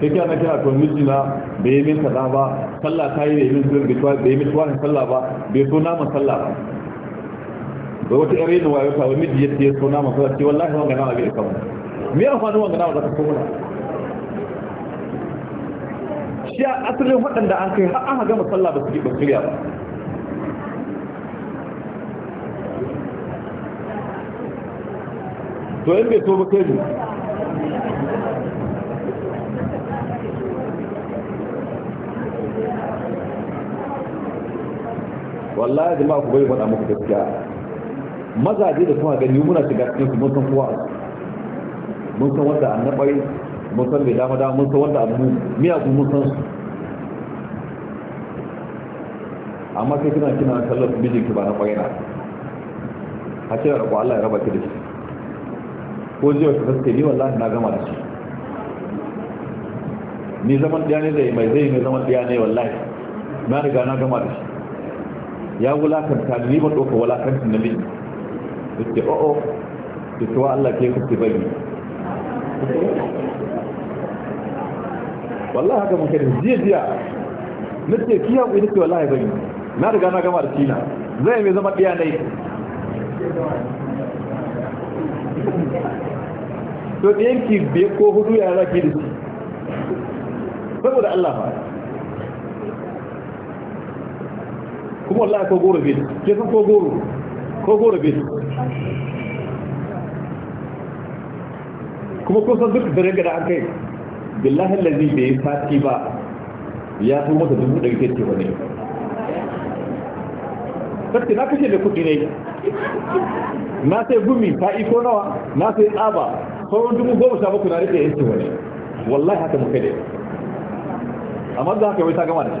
sai kya na kira to miji na bai yi min kaza ba sallah ta yi da yi min zuwa bai yi min tuwanin sallah ba bai so nama sallah ba ba wata yare yi nawa ya kawo miji ya ce so nama sallah ce wallahi wanga nama bai kawo ba me ya faɗi wanga nama za ka kowa shi a asalin waɗanda an kai har an gama sallah ba su ba su ba to yin bai so ba kai ne wallahi jama'a ku bai wada muku gaskiya mazaje da kuma gani muna shiga cikin su mun san kowa mun san wanda an naɓari mun san mai dama dama mun san wanda abu miyagun mun san su amma sai kina kina kallon mijinki ba na ƙwaira a cewa da Allah ya raba ki da shi ko zai wata fuske ni wallahi na gama da shi ni zaman ɗaya ne zai mai zai ne zaman ɗaya ne wallahi na riga na gama da shi ya wulakanta ni ba doka wulakantin na mini yake o'o oh, oh. da wa Allah ke kuke bari wallahi haka muke da jiya jiya na ce kiya ku ita ce wallahi bari na riga na gama da shi na zai mai zama ɗaya ne to da yanki biyu ko hudu ya zaki da shi saboda Allah ba kuma Allah ko goro bai ke san ko goro ko goro bai kuma ko san duk dare gada an kai billahi allazi bai fati ba ya fi mata dubu da yake ce wani sarki na kashe da kudi ne na sai gumi ta iko nawa na sai tsaba sauran dubu goma sha bakwai na rike yin tuwai wallahi haka muka dai amma da haka wai ta gama da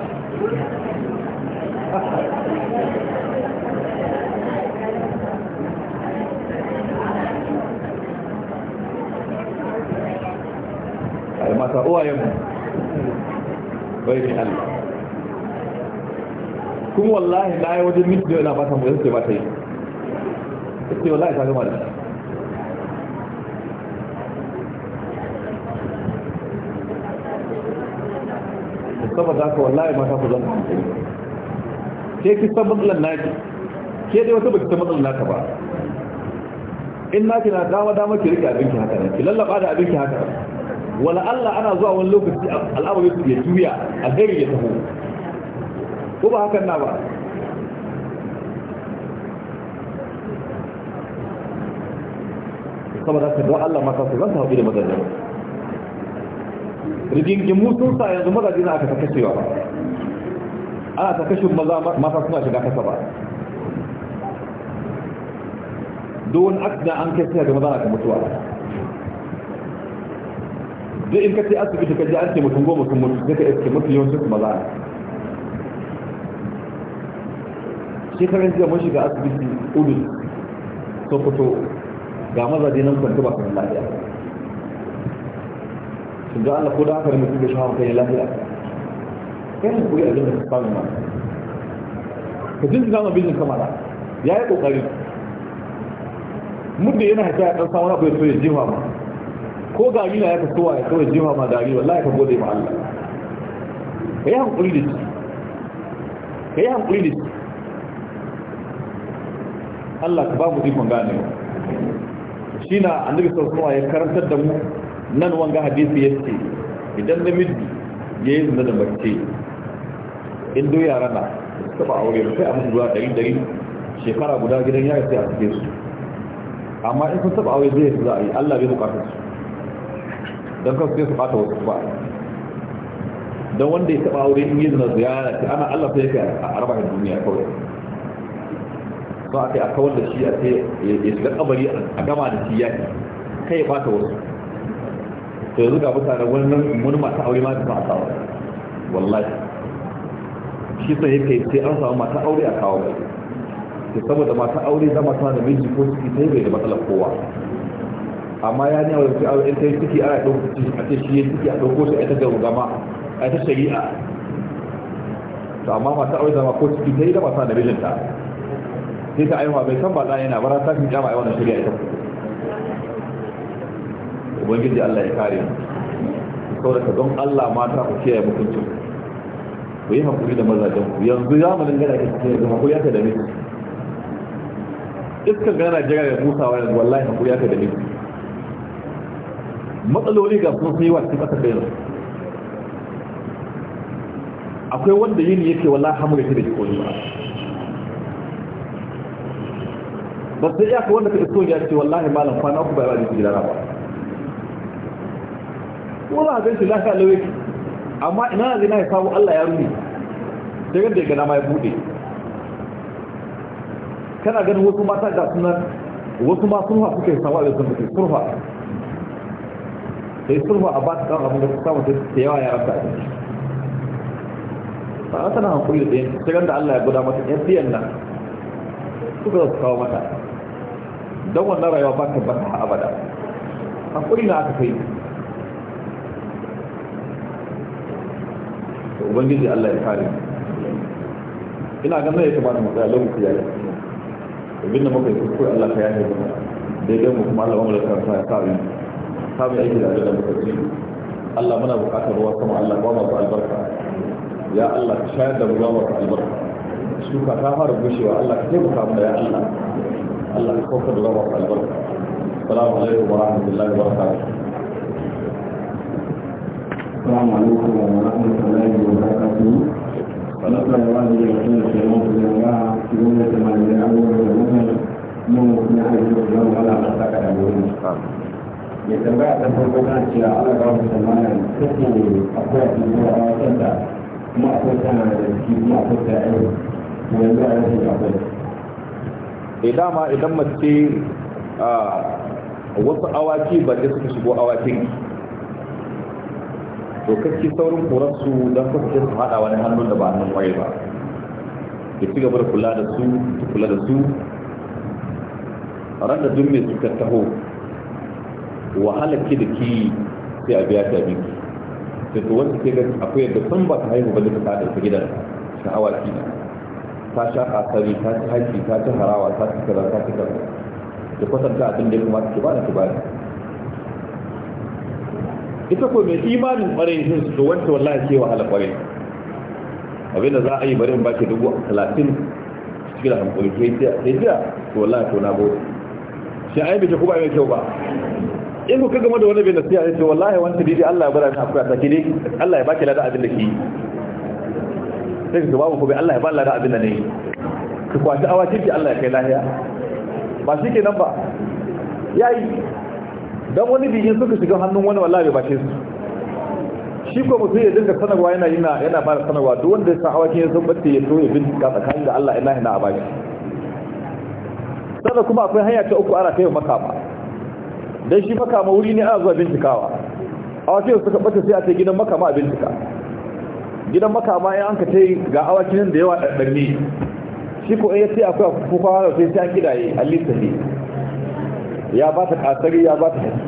shi ai mata uwayen bai ne Allah kuma wallahi na yi wajen mitin da yana ba ta mu yanzu ce ba ta yi ce wallahi ta gama da shi saboda haka wallahi mata ku zan hankali ke ki san matsalar naki ke dai wata baki san matsalar naka ba in naki na dama dama ki rike abinki haka ne ki lallaba da abinki haka wala Allah ana zuwa wani lokaci al'amari su tuya, juya alheri ya taho ko ba hakan na ba saboda haka don Allah mata ku zan ta haɗu da mazajen rigingimu sun sa yanzu maza na aka ta kashewa ana ta kashin maza mata suna shiga kasa ba don akida an kai sai da maza na ka mutuwa duk in ka ci asibiti ka ji an ce mutum goma sun mutu zaka iske mutu yawancin su maza shekaran jiya mun shiga asibiti udus sokoto ga mazaje nan ta ba su lafiya da Allah ko da haka da mutum da shawar kai lafiya kai ne koyi abin da ka samu ma ka jin zama bijin kamara ya yi kokari muddin yana haifa ya ɗan samun abu ya so ya jima ma ko gari na ya ka sowa ya so ya jima ma gari wallahi ka gode ma Allah ka yi hankuli da shi ka yi hankuli da shi Allah ka ba mu ikon ganewa shi na annabi sallallahu alaihi wasallam ya karantar da mu nan wanga hadisi ya ce idan namiji ya yi zina da mace in do yara na ba aure sai a musu zuwa dari dari shekara guda gidan yara sai a cike su amma in sun taba aure zai za a yi allah bai bukatar su don kan sai su bata wasu ba don wanda ya taba aure in yi zina ziyara ce ana allah sai ya a arba'in duniya kawai ba a kai a kawar da shi a sai ya shiga kabari a gama da shi ke kai ya bata wasu to yanzu ga mutane wannan wani mata aure ma da ba a kawo wallahi shi sai yake sai an samu mata aure a kawo mai to saboda mata aure zama suna da miji ko ciki sai bai da matsala kowa amma ya ne wani aure sai ciki ana ɗauko ciki a ce shi ciki a ɗauko shi a ta gama a ta shari'a to amma mata aure zama ko ciki sai da mata da mijinta sai ta aiwa bai san ba ɗaya yana bara ta fi kama yi na shari'a ita kuma ubangiji Allah ya kare mu da don Allah mata ku kiyaye mutuncin ku yi hakuri da mazajen ku yanzu zamanin da ke cikin yanzu hakuri aka da miki iskar gana jira da musawa yanzu wallahi hakuri aka da miki matsaloli ga sun sai wa cikin ƙasar da akwai wanda yini yake wallahi hamuri ta da ke koyi ba ba sai ya ka wanda ka iso ya ce wallahi malam kwana uku bai ba da gidana ba kuma za a ganci lafiya lauye amma ina na zai na ya samu Allah ya rumi daga da gana ma ya buɗe kana ganin wasu mata ga sunan wasu ma surfa suke yi sawa da sun suke surfa sai surfa a ba ta kan abin da su samu ta yawa ya rasa a ba sana hankuli da yanki sai da Allah ya guda mata yan biyan nan suka su kawo mata don wannan rayuwa ba ta bata abada hankuli na aka kai ubangiji Allah ya kare ina ganin ya kamata mu tsaya lokaci ya yi abin da muka yi kuskure Allah ka yaye mana daidai mu kuma Allah mamala kan sa ya kare ta mu aiki da da muka ji Allah muna buƙatar ruwa sama Allah ba mu albarka ya Allah ka shayar da ruwa mu albarka shuka ta fara gushewa Allah ka taimaka mu ya Allah Allah ka kawo da ruwa mu albarka assalamu alaikum wa rahmatullahi wa barakatuh السلام عليكم ورحمة الله وبركاته نسأل الله أن يكون الشيطان في الله في جملة ما يدعوه ويقول من نحن نحن ولا نتاك عليهم ya tambaya ta farko tana cewa ana ga wasu samana take akwai a cikin a wasan da kuma akwai tana da jiki kuma akwai ta yau to yanzu a rashin eh, ma idan mace ah, wasu awaki ba shigo to kake saurin korarsu don kasance su hada wani hannun da ba a nan kwaye ba ya ci gaba da kula da su su kula da su ran da dun mai suka taho wahala ki da ki sai a biya ta biki sai to wanda ke gani akwai yadda san ba ta haihu ba da ta da gidan sha'awa ki na ta sha kasari ta ci haki ta ci harawa ta ci kaza ta ci kaza da kwatanta abin da ya kamata ki ba da ki ba da ita ko mai imanin kwarai sun su wanta wallahi ke wahala kwarai abin da za a yi bari in baki dubu talatin cikin hankali ke jiya sai jiya to wallahi to na gode shi ai bai kuma mai kyau ba in ku kaga da wani bai nasiya ya ce wallahi wanda dai Allah ya bara ni akwai ta ke dai Allah ya baki lada abin da ke yi sai ka babu ko Allah ya ba lada abin da ne ka kwaci awa ki Allah ya kai lahiya ba shi ke nan ba yayi don wani bikin suka shiga hannun wani wallahi ba ce su shi ko mutum ya dinga sanarwa yana yana yana fara sanarwa duk wanda ya san awakin ya san batte ya so ya bincika tsakanin da Allah ina ina a baki sannan kuma akwai hanya ta uku ana kai makama dan shi makama wuri ne ana zuwa bincikawa awakin suka bace sai a ce gidan makama a bincika gidan makama ya anka tai ga awakin da yawa daddanni shi ko ya ce akwai kuka wani sai sai kidaye alisa ne ya ba ta kasari ya ba ta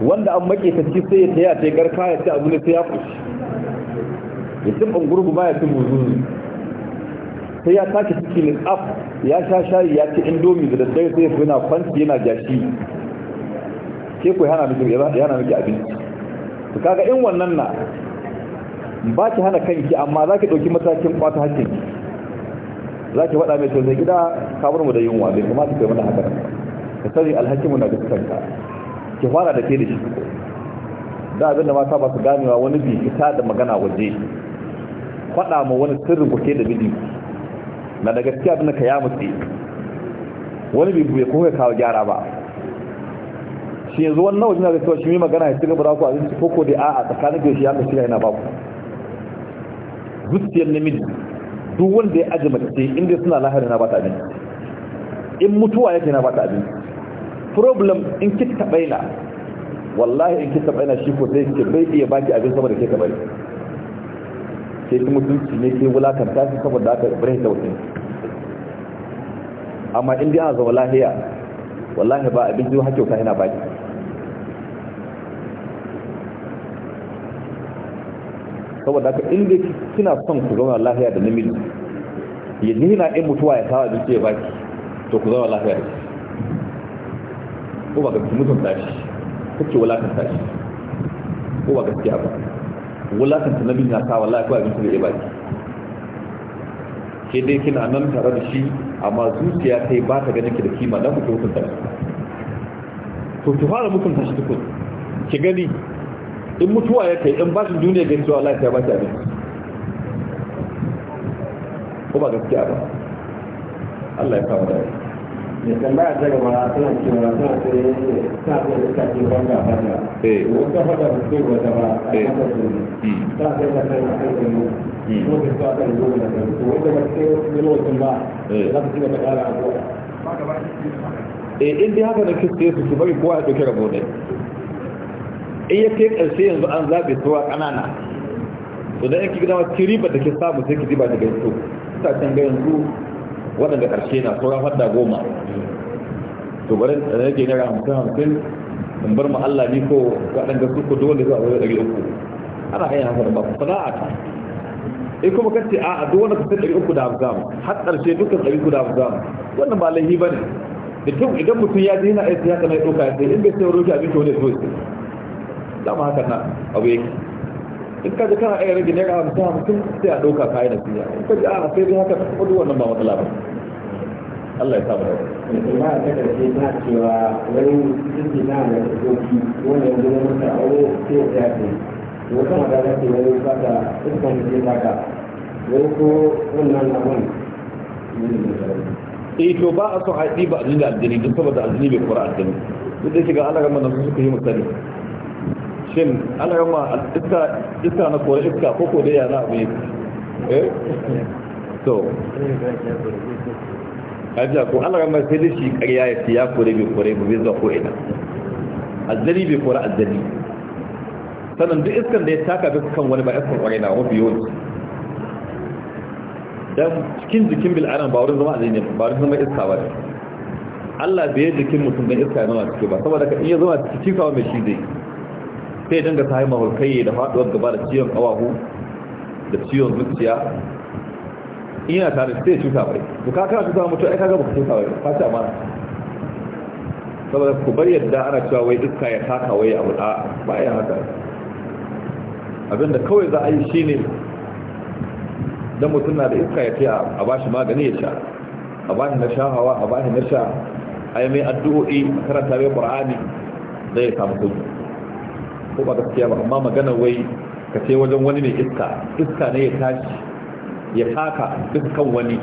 wanda an make ta ci sai ya taya ta garka ya ci abu ne sai ya fushi, ya ci ɓangurgu ba ya ci buzuzu sai ya sake ciki ne tsaf ya sha shayi ya ci indomi da daddare sai ya fi yana kwanci yana jashi ke ku hana miki yana miki abinci to kaga in wannan na ba ki hana kanki amma za ki ɗauki matakin kwata hakkin za ki faɗa mai to zai gida kamar mu da yunwa bai kamata kai mana haka ka sani alhakimu na da kusanta ki fara da ke da shi da abinda mata ba su ganewa wani bi fita da magana waje faɗa ma wani sirrin ku ke da miji na da gaskiya abinda ka ya mutse wani bi bai kuma kawo gyara ba shi yanzu wani nawa jina da cewa shi mai magana ya shiga bura da ku abinci ko ko da a'a tsakanin da shi ya ka shiga yana baku zuciyar namiji duk wanda ya aji mace inda suna lahari na ba ta abinci in mutuwa yake na ba ta abinci problem in ki tabaina wallahi in ki baina shi ko sai ki bai iya baki abin saboda da ke tabaina sai duk shi ne ke wulakanta shi saboda aka ibrahim da wutunci amma in dai azza wallahiya wallahi ba abin jiwa ka yana baki saboda haka in dai kina son ku zama lafiya da namiji ya na in mutuwa ya kawo abinci ya baki to ku zama lafiya da shi ko ba gaske mutunta shi kake wulakan tashi ko ba gaskiya ba ta nabi na sa wallahi ko abin da ya baki ke dai kina nan tare da shi amma zuciya kai ba ta ganin ki da kima dan ku mutum tashi to ki fara mutunta shi tukun ki gani in mutuwa ya kai in bashin duniya ga cewa Allah ya baki abin ko ba gaskiya ba Allah ya kawo da shi da tambaya ta gaba tana cewa tana ba ta sai da kake banga banga eh ta fada ba sai wata ba a kan su ta sai ta kai ta su ko da ta ta su ta kan ta wanda ba sai ta wata ba za ta cigaba ta kara ta eh ta dai ta da ta su ta bari ta ya ta rabo ta in ya kai karshe yanzu an zabe suwa kanana to da yake gidan wata riba ta ke samu sai ki riba daga su ta can ga yanzu waɗanda ƙarshe na sauran fadda goma to bari da rage naira hamsin hamsin in bar ma Allah ni ko waɗanda su ko dole zuwa wajen ɗari uku ana hanyar hankali ba sana'a ta in kuma ka ce a duk wanda kusan ɗari uku da hamsin har ƙarshe dukkan ɗari uku da hamsin wannan ba laifi ba ne da idan mutum ya je yana aiki ya na ya ɗauka ya sai in bai sai wani abin to ne so ya sai dama haka na abu yake in ka ji kana iya rage naira hamsin mutum sai a ɗauka kayan da siya in ka ji ana sai dai haka kudu wannan ba matsala ba Allah ya sa mu da wani. Ba ta cewa wani na da doki yanzu na a wani sai ya ce ce wani ba ta iskan da ba ta wani ko wannan eh to ba a so a ɗiba aljini da aljini duk saboda aljini bai kura aljini duk da shiga Allah ga manzon suka yi musali shin ana ma iska na kore iska ko ko dai yana abu yake eh to ajiya ko ana ma sai da shi karya ya ya kore bai kore ba bai zuwa ko ina azzali bai kore azzali sannan duk iskan da ya taka bai kan wani ba iskan kore na mafi yawanci dan cikin jikin bil'adam ba wurin zama a ne ba wurin zama iska ba ne Allah bai yi jikin mutum don iska ya zama ciki ba saboda ka iya zama ciki kawo mai shi zai sai dinga yi mahulkai da faduwar gaba da ciwon kawahu da ciwon zuciya ina tare sai cuta bai Buka ka kana cuta mutu ai kaga baka cuta bai ka ci amana saboda ku bar yadda ana cewa wai iska ya taka wai abu da ba ai haka abinda kawai za a yi shine dan mutum na da iska ya ce a bashi magani ya sha a shi na sha hawa, a shi na sha ai mai addu'o'i karanta mai qur'ani zai samu sauki ko ba gaskiya ba amma magana wai ka ce wajen wani ne iska iska ne ya tashi ya taka dukkan wani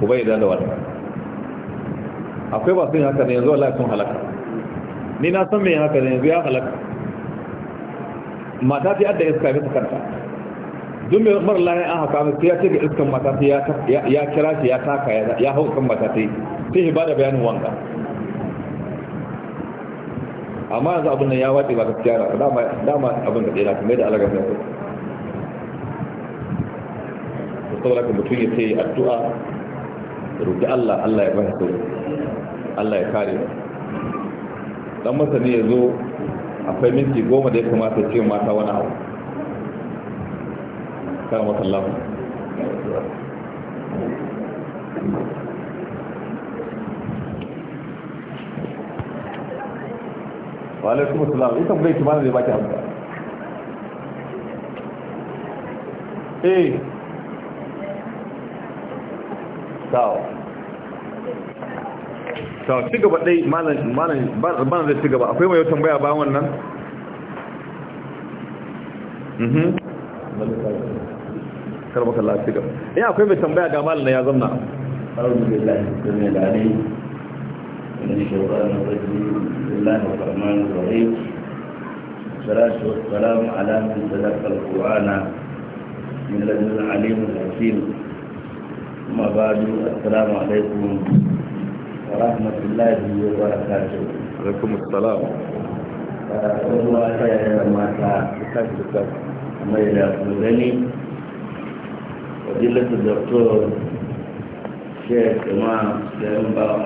ku bai da wani. akwai ba sun haka ne yanzu Allah sun halaka ni na san me haka ne yanzu ya halaka mata ta adda iska bisa karta, duk mai mara layan an haka sai ya ce ga iskan mata ta ya kira shi ya taka ya hau kan mata ta sai ba da bayanin wanga amma yanzu abin nan ya wace ba ka na da dama abin da dai kuma da alaga mai ku saboda ka mutum ya sai addu'a rubi Allah Allah ya ba shi Allah ya kare masa masani ya zo akwai minti goma da ya kamata cewa ce mata wani abu kan wata wa alaikum assalam ita bai kimana zai baki amsa eh sawa ci gaba dai malam zai ci gaba akwai mai tambaya ba wannan mhm. karbaka gaba eh, akwai mai tambaya ga malam ya zamna alhamdulillah من الشيطان الرجيم بسم الله الرحمن الرحيم والصلاة والسلام على من تلقى القرآن من لدن العليم الحكيم أما بعد السلام عليكم ورحمة الله وبركاته عليكم السلام والله خير ما تعمل ما يلاقونني فضيلة الدكتور شيخ إمام سليم